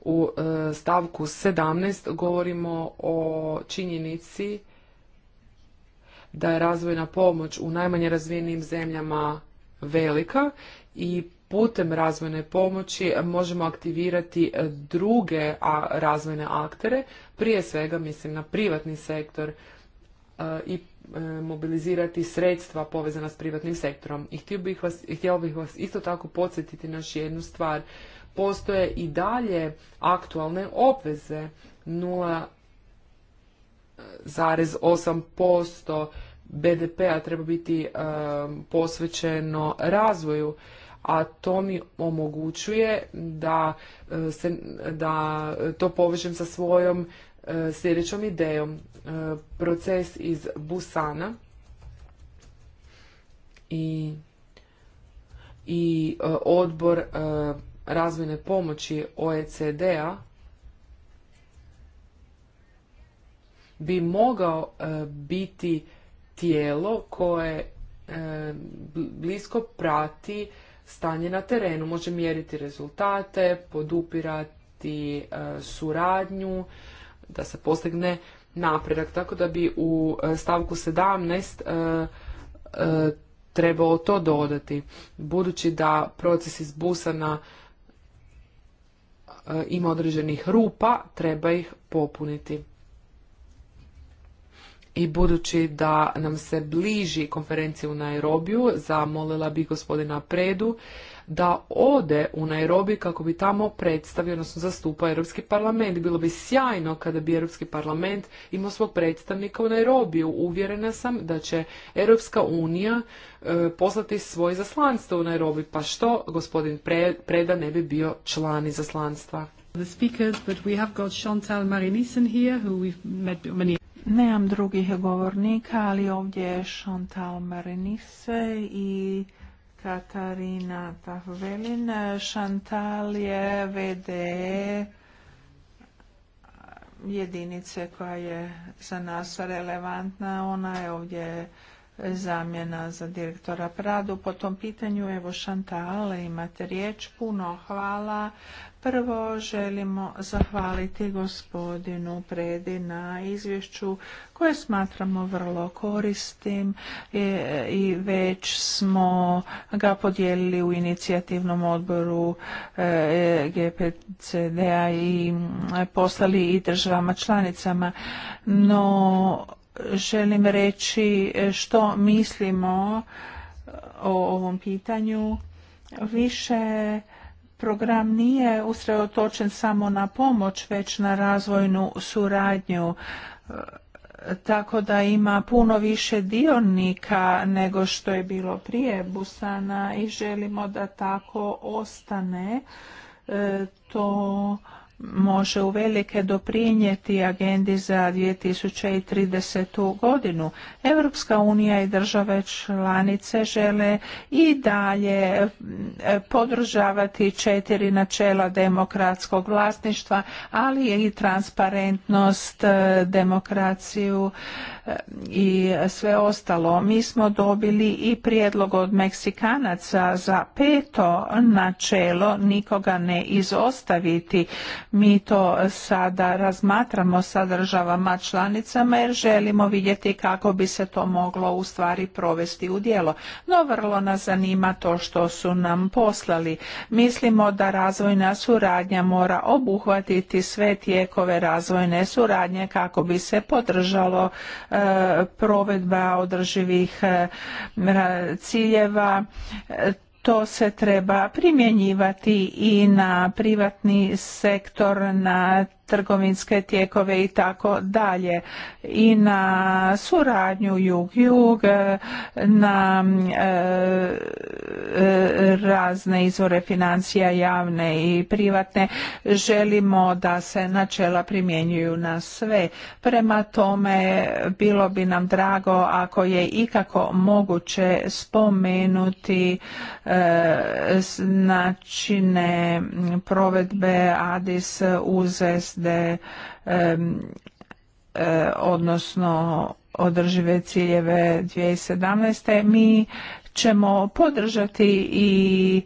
u e, stavku 17 govorimo o činjenici da je razvojna pomoć u najmanje razvijenim zemljama velika i putem razvojne pomoći možemo aktivirati druge razvojne aktere, prije svega mislim na privatni sektor e, i e, mobilizirati sredstva povezana s privatnim sektorom. I htio bih vas, htjela bih vas isto tako podsjetiti na još jednu stvar postoje i dalje aktualne obveze 0,8% BDP-a treba biti posvećeno razvoju, a to mi omogućuje da, eh, se, da to povežem sa svojom eh, sljedećom idejom. Eh, proces iz Busana i i odbor razvojne pomoći OECD-a bi mogao e, biti tijelo koje e, blisko prati stanje na terenu, može mjeriti rezultate, podupirati e, suradnju da se postigne napredak. Tako da bi u stavku 17 trebao to dodati. Budući da proces iz Busana E, ima određenih rupa, treba ih popuniti. I budući da nam se bliži konferencija u Nairobiju, zamolila bih gospodina Predu da ode u Nairobi kako bi tamo predstavio, odnosno zastupao Europski parlament. Bilo bi sjajno kada bi Europski parlament imao svog predstavnika u Nairobi. Uvjerena sam da će Europska unija e, poslati svoje zaslanstvo u Nairobi. Pa što gospodin Preda ne bi bio član izaslanstva? The speakers, but we have drugih govornika, ali ovdje je Chantal i Katarina Tahvelin. Šantal je VDE jedinice koja je za nas relevantna. Ona je ovdje zamjena za direktora Pradu. Po tom pitanju, evo Šantale, imate riječ. Puno hvala. Prvo želimo zahvaliti gospodinu Predi na izvješću koje smatramo vrlo koristim e, i već smo ga podijelili u inicijativnom odboru e, GPCD-a i poslali i državama članicama. No, želim reći e, što mislimo o ovom pitanju. Više program nije usredotočen samo na pomoć, već na razvojnu suradnju e, tako da ima puno više dionika nego što je bilo prije Busana i želimo da tako ostane. E, to može uvelike doprinijeti agendi za 2030. godinu. Europska unija i države članice žele i dalje e, podržavati četiri načela demokratskog vlasništva, ali i transparentnost, e, demokraciju, i sve ostalo. Mi smo dobili i prijedlog od Meksikanaca za peto načelo nikoga ne izostaviti. Mi to sada razmatramo sa državama članicama jer želimo vidjeti kako bi se to moglo u stvari provesti u djelo. No vrlo nas zanima to što su nam poslali. Mislimo da razvojna suradnja mora obuhvatiti sve tijekove razvojne suradnje kako bi se podržalo provedba održivih e, ciljeva to se treba primjenjivati i na privatni sektor, na trgovinske tijekove i tako dalje i na suradnju jug-jug na e, razne izvore financija javne i privatne želimo da se načela primjenjuju na sve prema tome bilo bi nam drago ako je ikako moguće spomenuti e, načine provedbe ADIS uz E, odnosno održive ciljeve 2017. Mi ćemo podržati i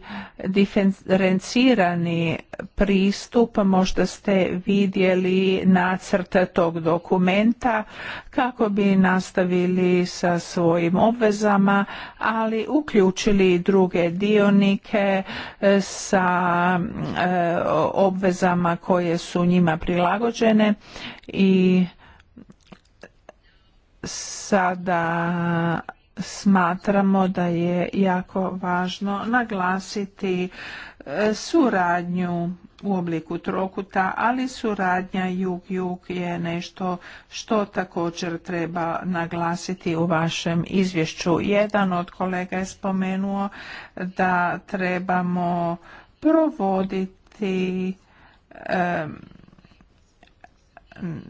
diferencirani pristup. Možda ste vidjeli nacrt tog dokumenta kako bi nastavili sa svojim obvezama, ali uključili druge dionike e, sa e, obvezama koje su njima prilagođene i sada smatramo da je jako važno naglasiti e, suradnju u obliku trokuta, ali suradnja jug-jug je nešto što također treba naglasiti u vašem izvješću. Jedan od kolega je spomenuo da trebamo provoditi e,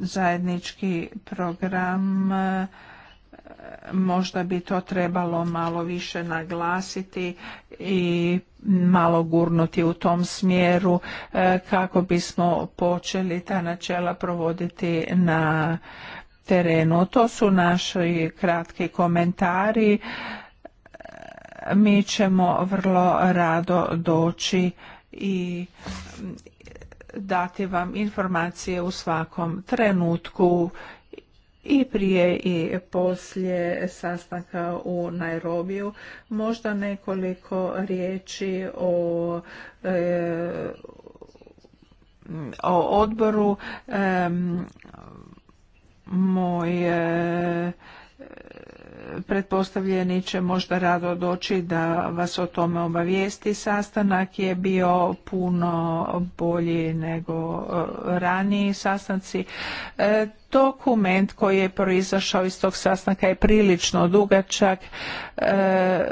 zajednički program možda bi to trebalo malo više naglasiti i malo gurnuti u tom smjeru e, kako bismo počeli ta načela provoditi na terenu. To su naši kratki komentari. E, mi ćemo vrlo rado doći i dati vam informacije u svakom trenutku i prije i poslije sastanka u Nairobiju. Možda nekoliko riječi o e, o odboru e, moj e, pretpostavljeni će možda rado doći da vas o tome obavijesti. Sastanak je bio puno bolji nego raniji sastanci. Dokument koji je proizašao iz tog sastanka je prilično dugačak, e,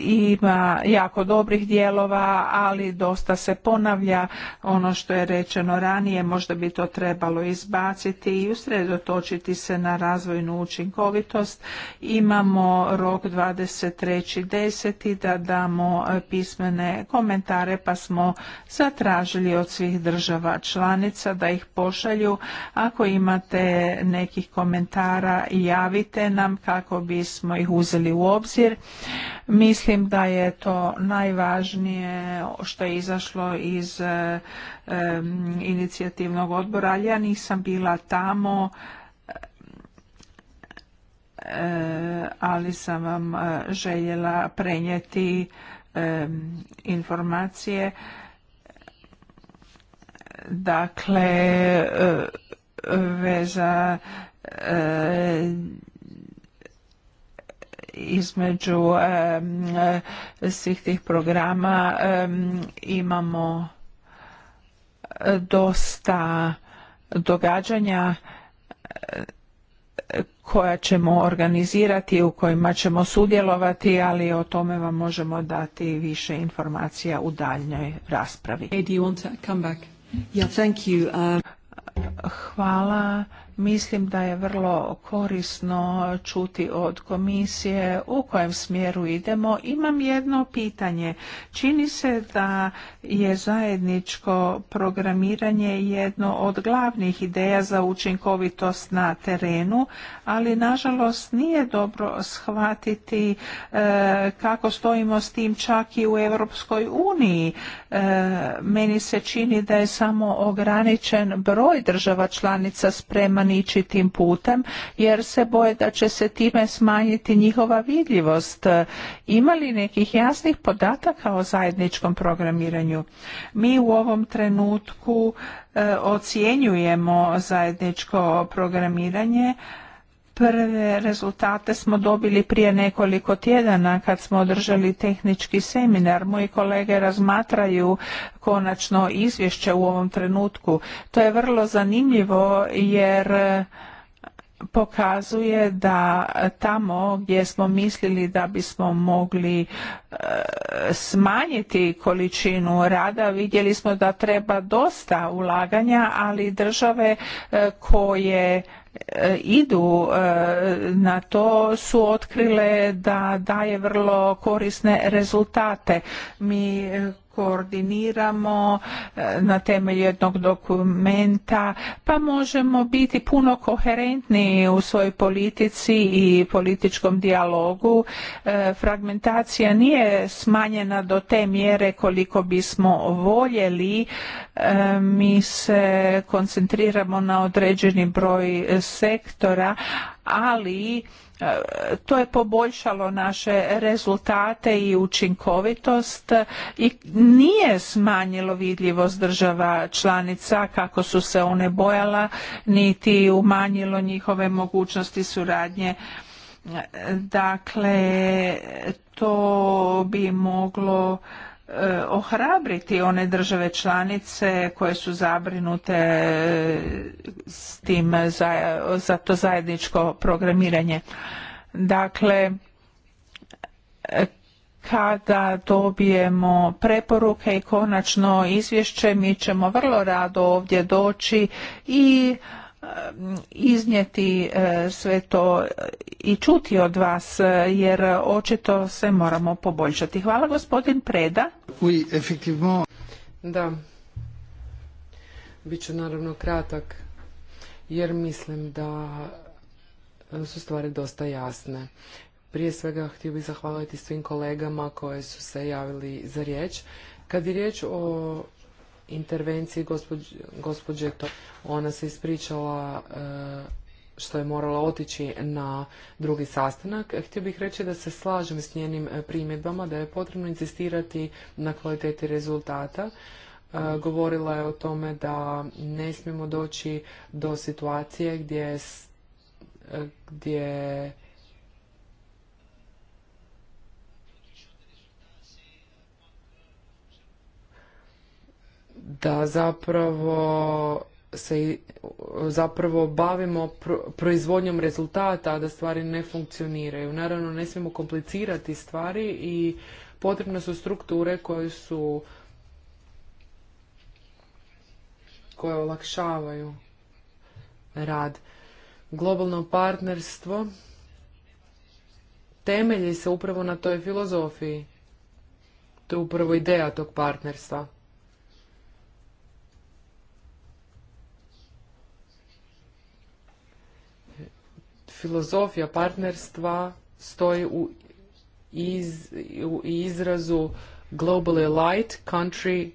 ima jako dobrih dijelova, ali dosta se ponavlja ono što je rečeno ranije, možda bi to trebalo izbaciti i usredotočiti se na razvojnu učinkovitost. Imamo rok 23.10. da damo pismene komentare pa smo zatražili od svih država članica da ih pošalju. Ako imate nekih komentara javite nam kako bismo ih uzeli u obzir. Mislim da je to najvažnije što je izašlo iz inicijativnog odbora, ali ja nisam bila tamo eh, ali sam vam eh, željela prenijeti informacije. Dakle, eh, veza e, između e, svih tih programa e, imamo dosta događanja koja ćemo organizirati u kojima ćemo sudjelovati ali o tome vam možemo dati više informacija u daljnjoj raspravi. Hvala Mislim da je vrlo korisno čuti od komisije u kojem smjeru idemo. Imam jedno pitanje. Čini se da je zajedničko programiranje jedno od glavnih ideja za učinkovitost na terenu, ali nažalost nije dobro shvatiti e, kako stojimo s tim čak i u Europskoj uniji. E, meni se čini da je samo ograničen broj država članica sprema ići tim putem jer se boje da će se time smanjiti njihova vidljivost. E, ima li nekih jasnih podataka o zajedničkom programiranju? Mi u ovom trenutku e, ocjenjujemo zajedničko programiranje Prve rezultate smo dobili prije nekoliko tjedana kad smo održali tehnički seminar. Moji kolege razmatraju konačno izvješće u ovom trenutku. To je vrlo zanimljivo jer e, pokazuje da tamo gdje smo mislili da bismo mogli e, smanjiti količinu rada vidjeli smo da treba dosta ulaganja ali države e, koje E, idu e, na to su otkrile da daje vrlo korisne rezultate. Mi koordiniramo e, na temelju jednog dokumenta, pa možemo biti puno koherentni u svojoj politici i političkom dijalogu. E, fragmentacija nije smanjena do te mjere koliko bismo voljeli. E, mi se koncentriramo na određeni broj sektora, ali E, to je poboljšalo naše rezultate i učinkovitost i nije smanjilo vidljivost država članica kako su se one bojala niti umanjilo njihove mogućnosti suradnje dakle to bi moglo E, ohrabriti one države članice koje su zabrinute e, s tim za, za to zajedničko programiranje. Dakle, e, kada dobijemo preporuke i konačno izvješće, mi ćemo vrlo rado ovdje doći i iznijeti e, sve to i čuti od vas e, jer očito se moramo poboljšati. Hvala gospodin Preda. Oui, effectivement. Da. naravno kratak jer mislim da su stvari dosta jasne. Prije svega htio bih zahvaliti svim kolegama koje su se javili za riječ. Kad je riječ o intervenciji gospođe, Ona se ispričala e, što je morala otići na drugi sastanak. Htio bih reći da se slažem s njenim e, primjedbama, da je potrebno insistirati na kvaliteti rezultata. E, govorila je o tome da ne smijemo doći do situacije gdje, gdje da zapravo se zapravo bavimo proizvodnjom rezultata, a da stvari ne funkcioniraju. Naravno, ne smijemo komplicirati stvari i potrebne su strukture koje su koje olakšavaju rad. Globalno partnerstvo temelji se upravo na toj filozofiji. To je upravo ideja tog partnerstva. filozofija partnerstva stoji u, iz, izrazu globally light country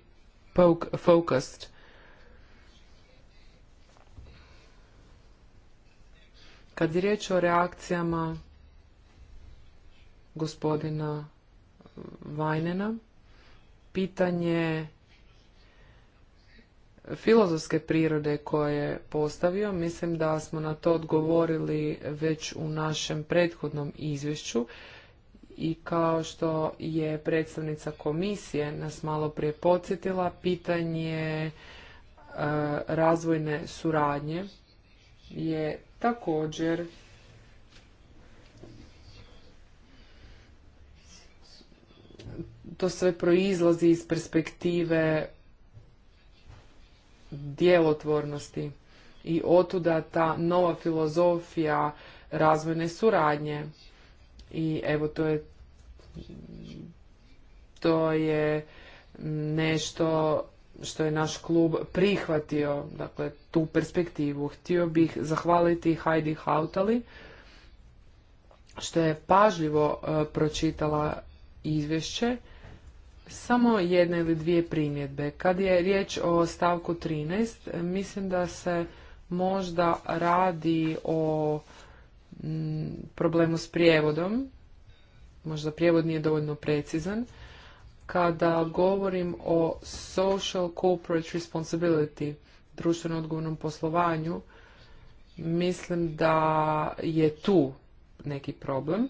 focused. Kad je riječ o reakcijama gospodina Vajnena, pitanje filozofske prirode koje je postavio. Mislim da smo na to odgovorili već u našem prethodnom izvješću i kao što je predstavnica komisije nas malo prije podsjetila, pitanje e, razvojne suradnje je također to sve proizlazi iz perspektive djelotvornosti i otuda ta nova filozofija razvojne suradnje. I evo to je to je nešto što je naš klub prihvatio, dakle tu perspektivu. Htio bih zahvaliti Heidi Hautali što je pažljivo e, pročitala izvješće samo jedna ili dvije primjedbe. Kad je riječ o stavku 13, mislim da se možda radi o mm, problemu s prijevodom. Možda prijevod nije dovoljno precizan. Kada govorim o social corporate responsibility, društveno odgovornom poslovanju, mislim da je tu neki problem.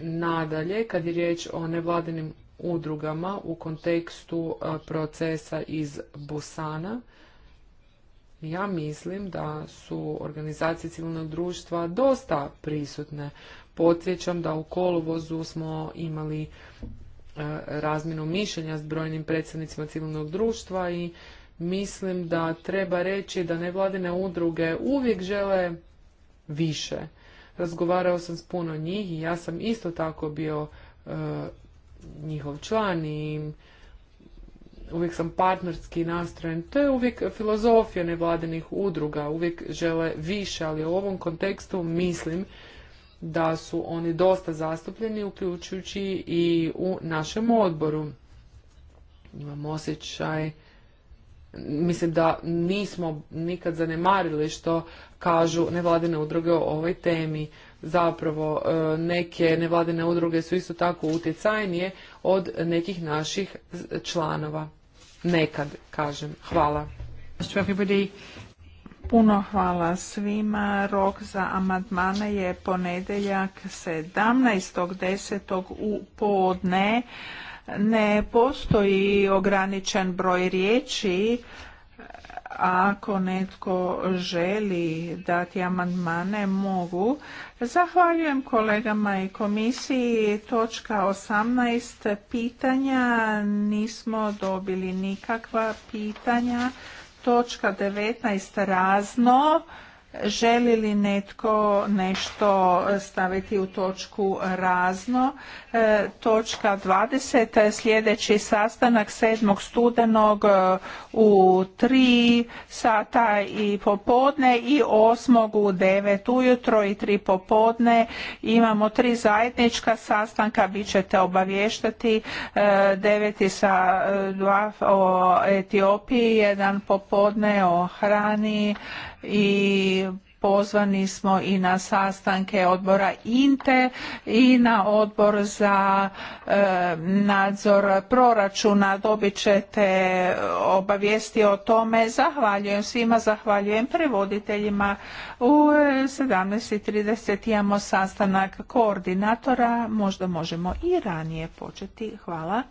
Nadalje, kad je riječ o nevladinim udrugama u kontekstu e, procesa iz Busana. Ja mislim da su organizacije civilnog društva dosta prisutne. Podsjećam da u kolovozu smo imali e, razmjenu mišljenja s brojnim predsjednicima civilnog društva i mislim da treba reći da nevladine udruge uvijek žele više. Razgovarao sam s puno njih i ja sam isto tako bio e, njihov član i uvijek sam partnerski nastrojen. To je uvijek filozofija nevladinih udruga, uvijek žele više, ali u ovom kontekstu mislim da su oni dosta zastupljeni, uključujući i u našem odboru. Imam osjećaj, mislim da nismo nikad zanemarili što kažu nevladine udruge o ovoj temi zapravo e, neke nevladine udruge su isto tako utjecajnije od nekih naših članova. Nekad, kažem. Hvala. Puno hvala svima. Rok za amandmane je ponedeljak 17.10. u podne. Ne postoji ograničen broj riječi ako netko želi dati amandmane mogu. Zahvaljujem kolegama i komisiji. Točka 18 pitanja. Nismo dobili nikakva pitanja. Točka 19 razno. Želi li netko nešto staviti u točku razno? E, točka 20. Sljedeći sastanak 7. studenog e, u 3 sata i popodne i 8. u 9 ujutro i 3 popodne. Imamo tri zajednička sastanka, bit ćete obavještati 9. E, sa 2 o Etiopiji, jedan popodne o hrani, i pozvani smo i na sastanke odbora INTE i na odbor za e, nadzor proračuna. Dobit ćete obavijesti o tome. Zahvaljujem svima, zahvaljujem prevoditeljima. U 17.30 e, imamo sastanak koordinatora. Možda možemo i ranije početi. Hvala.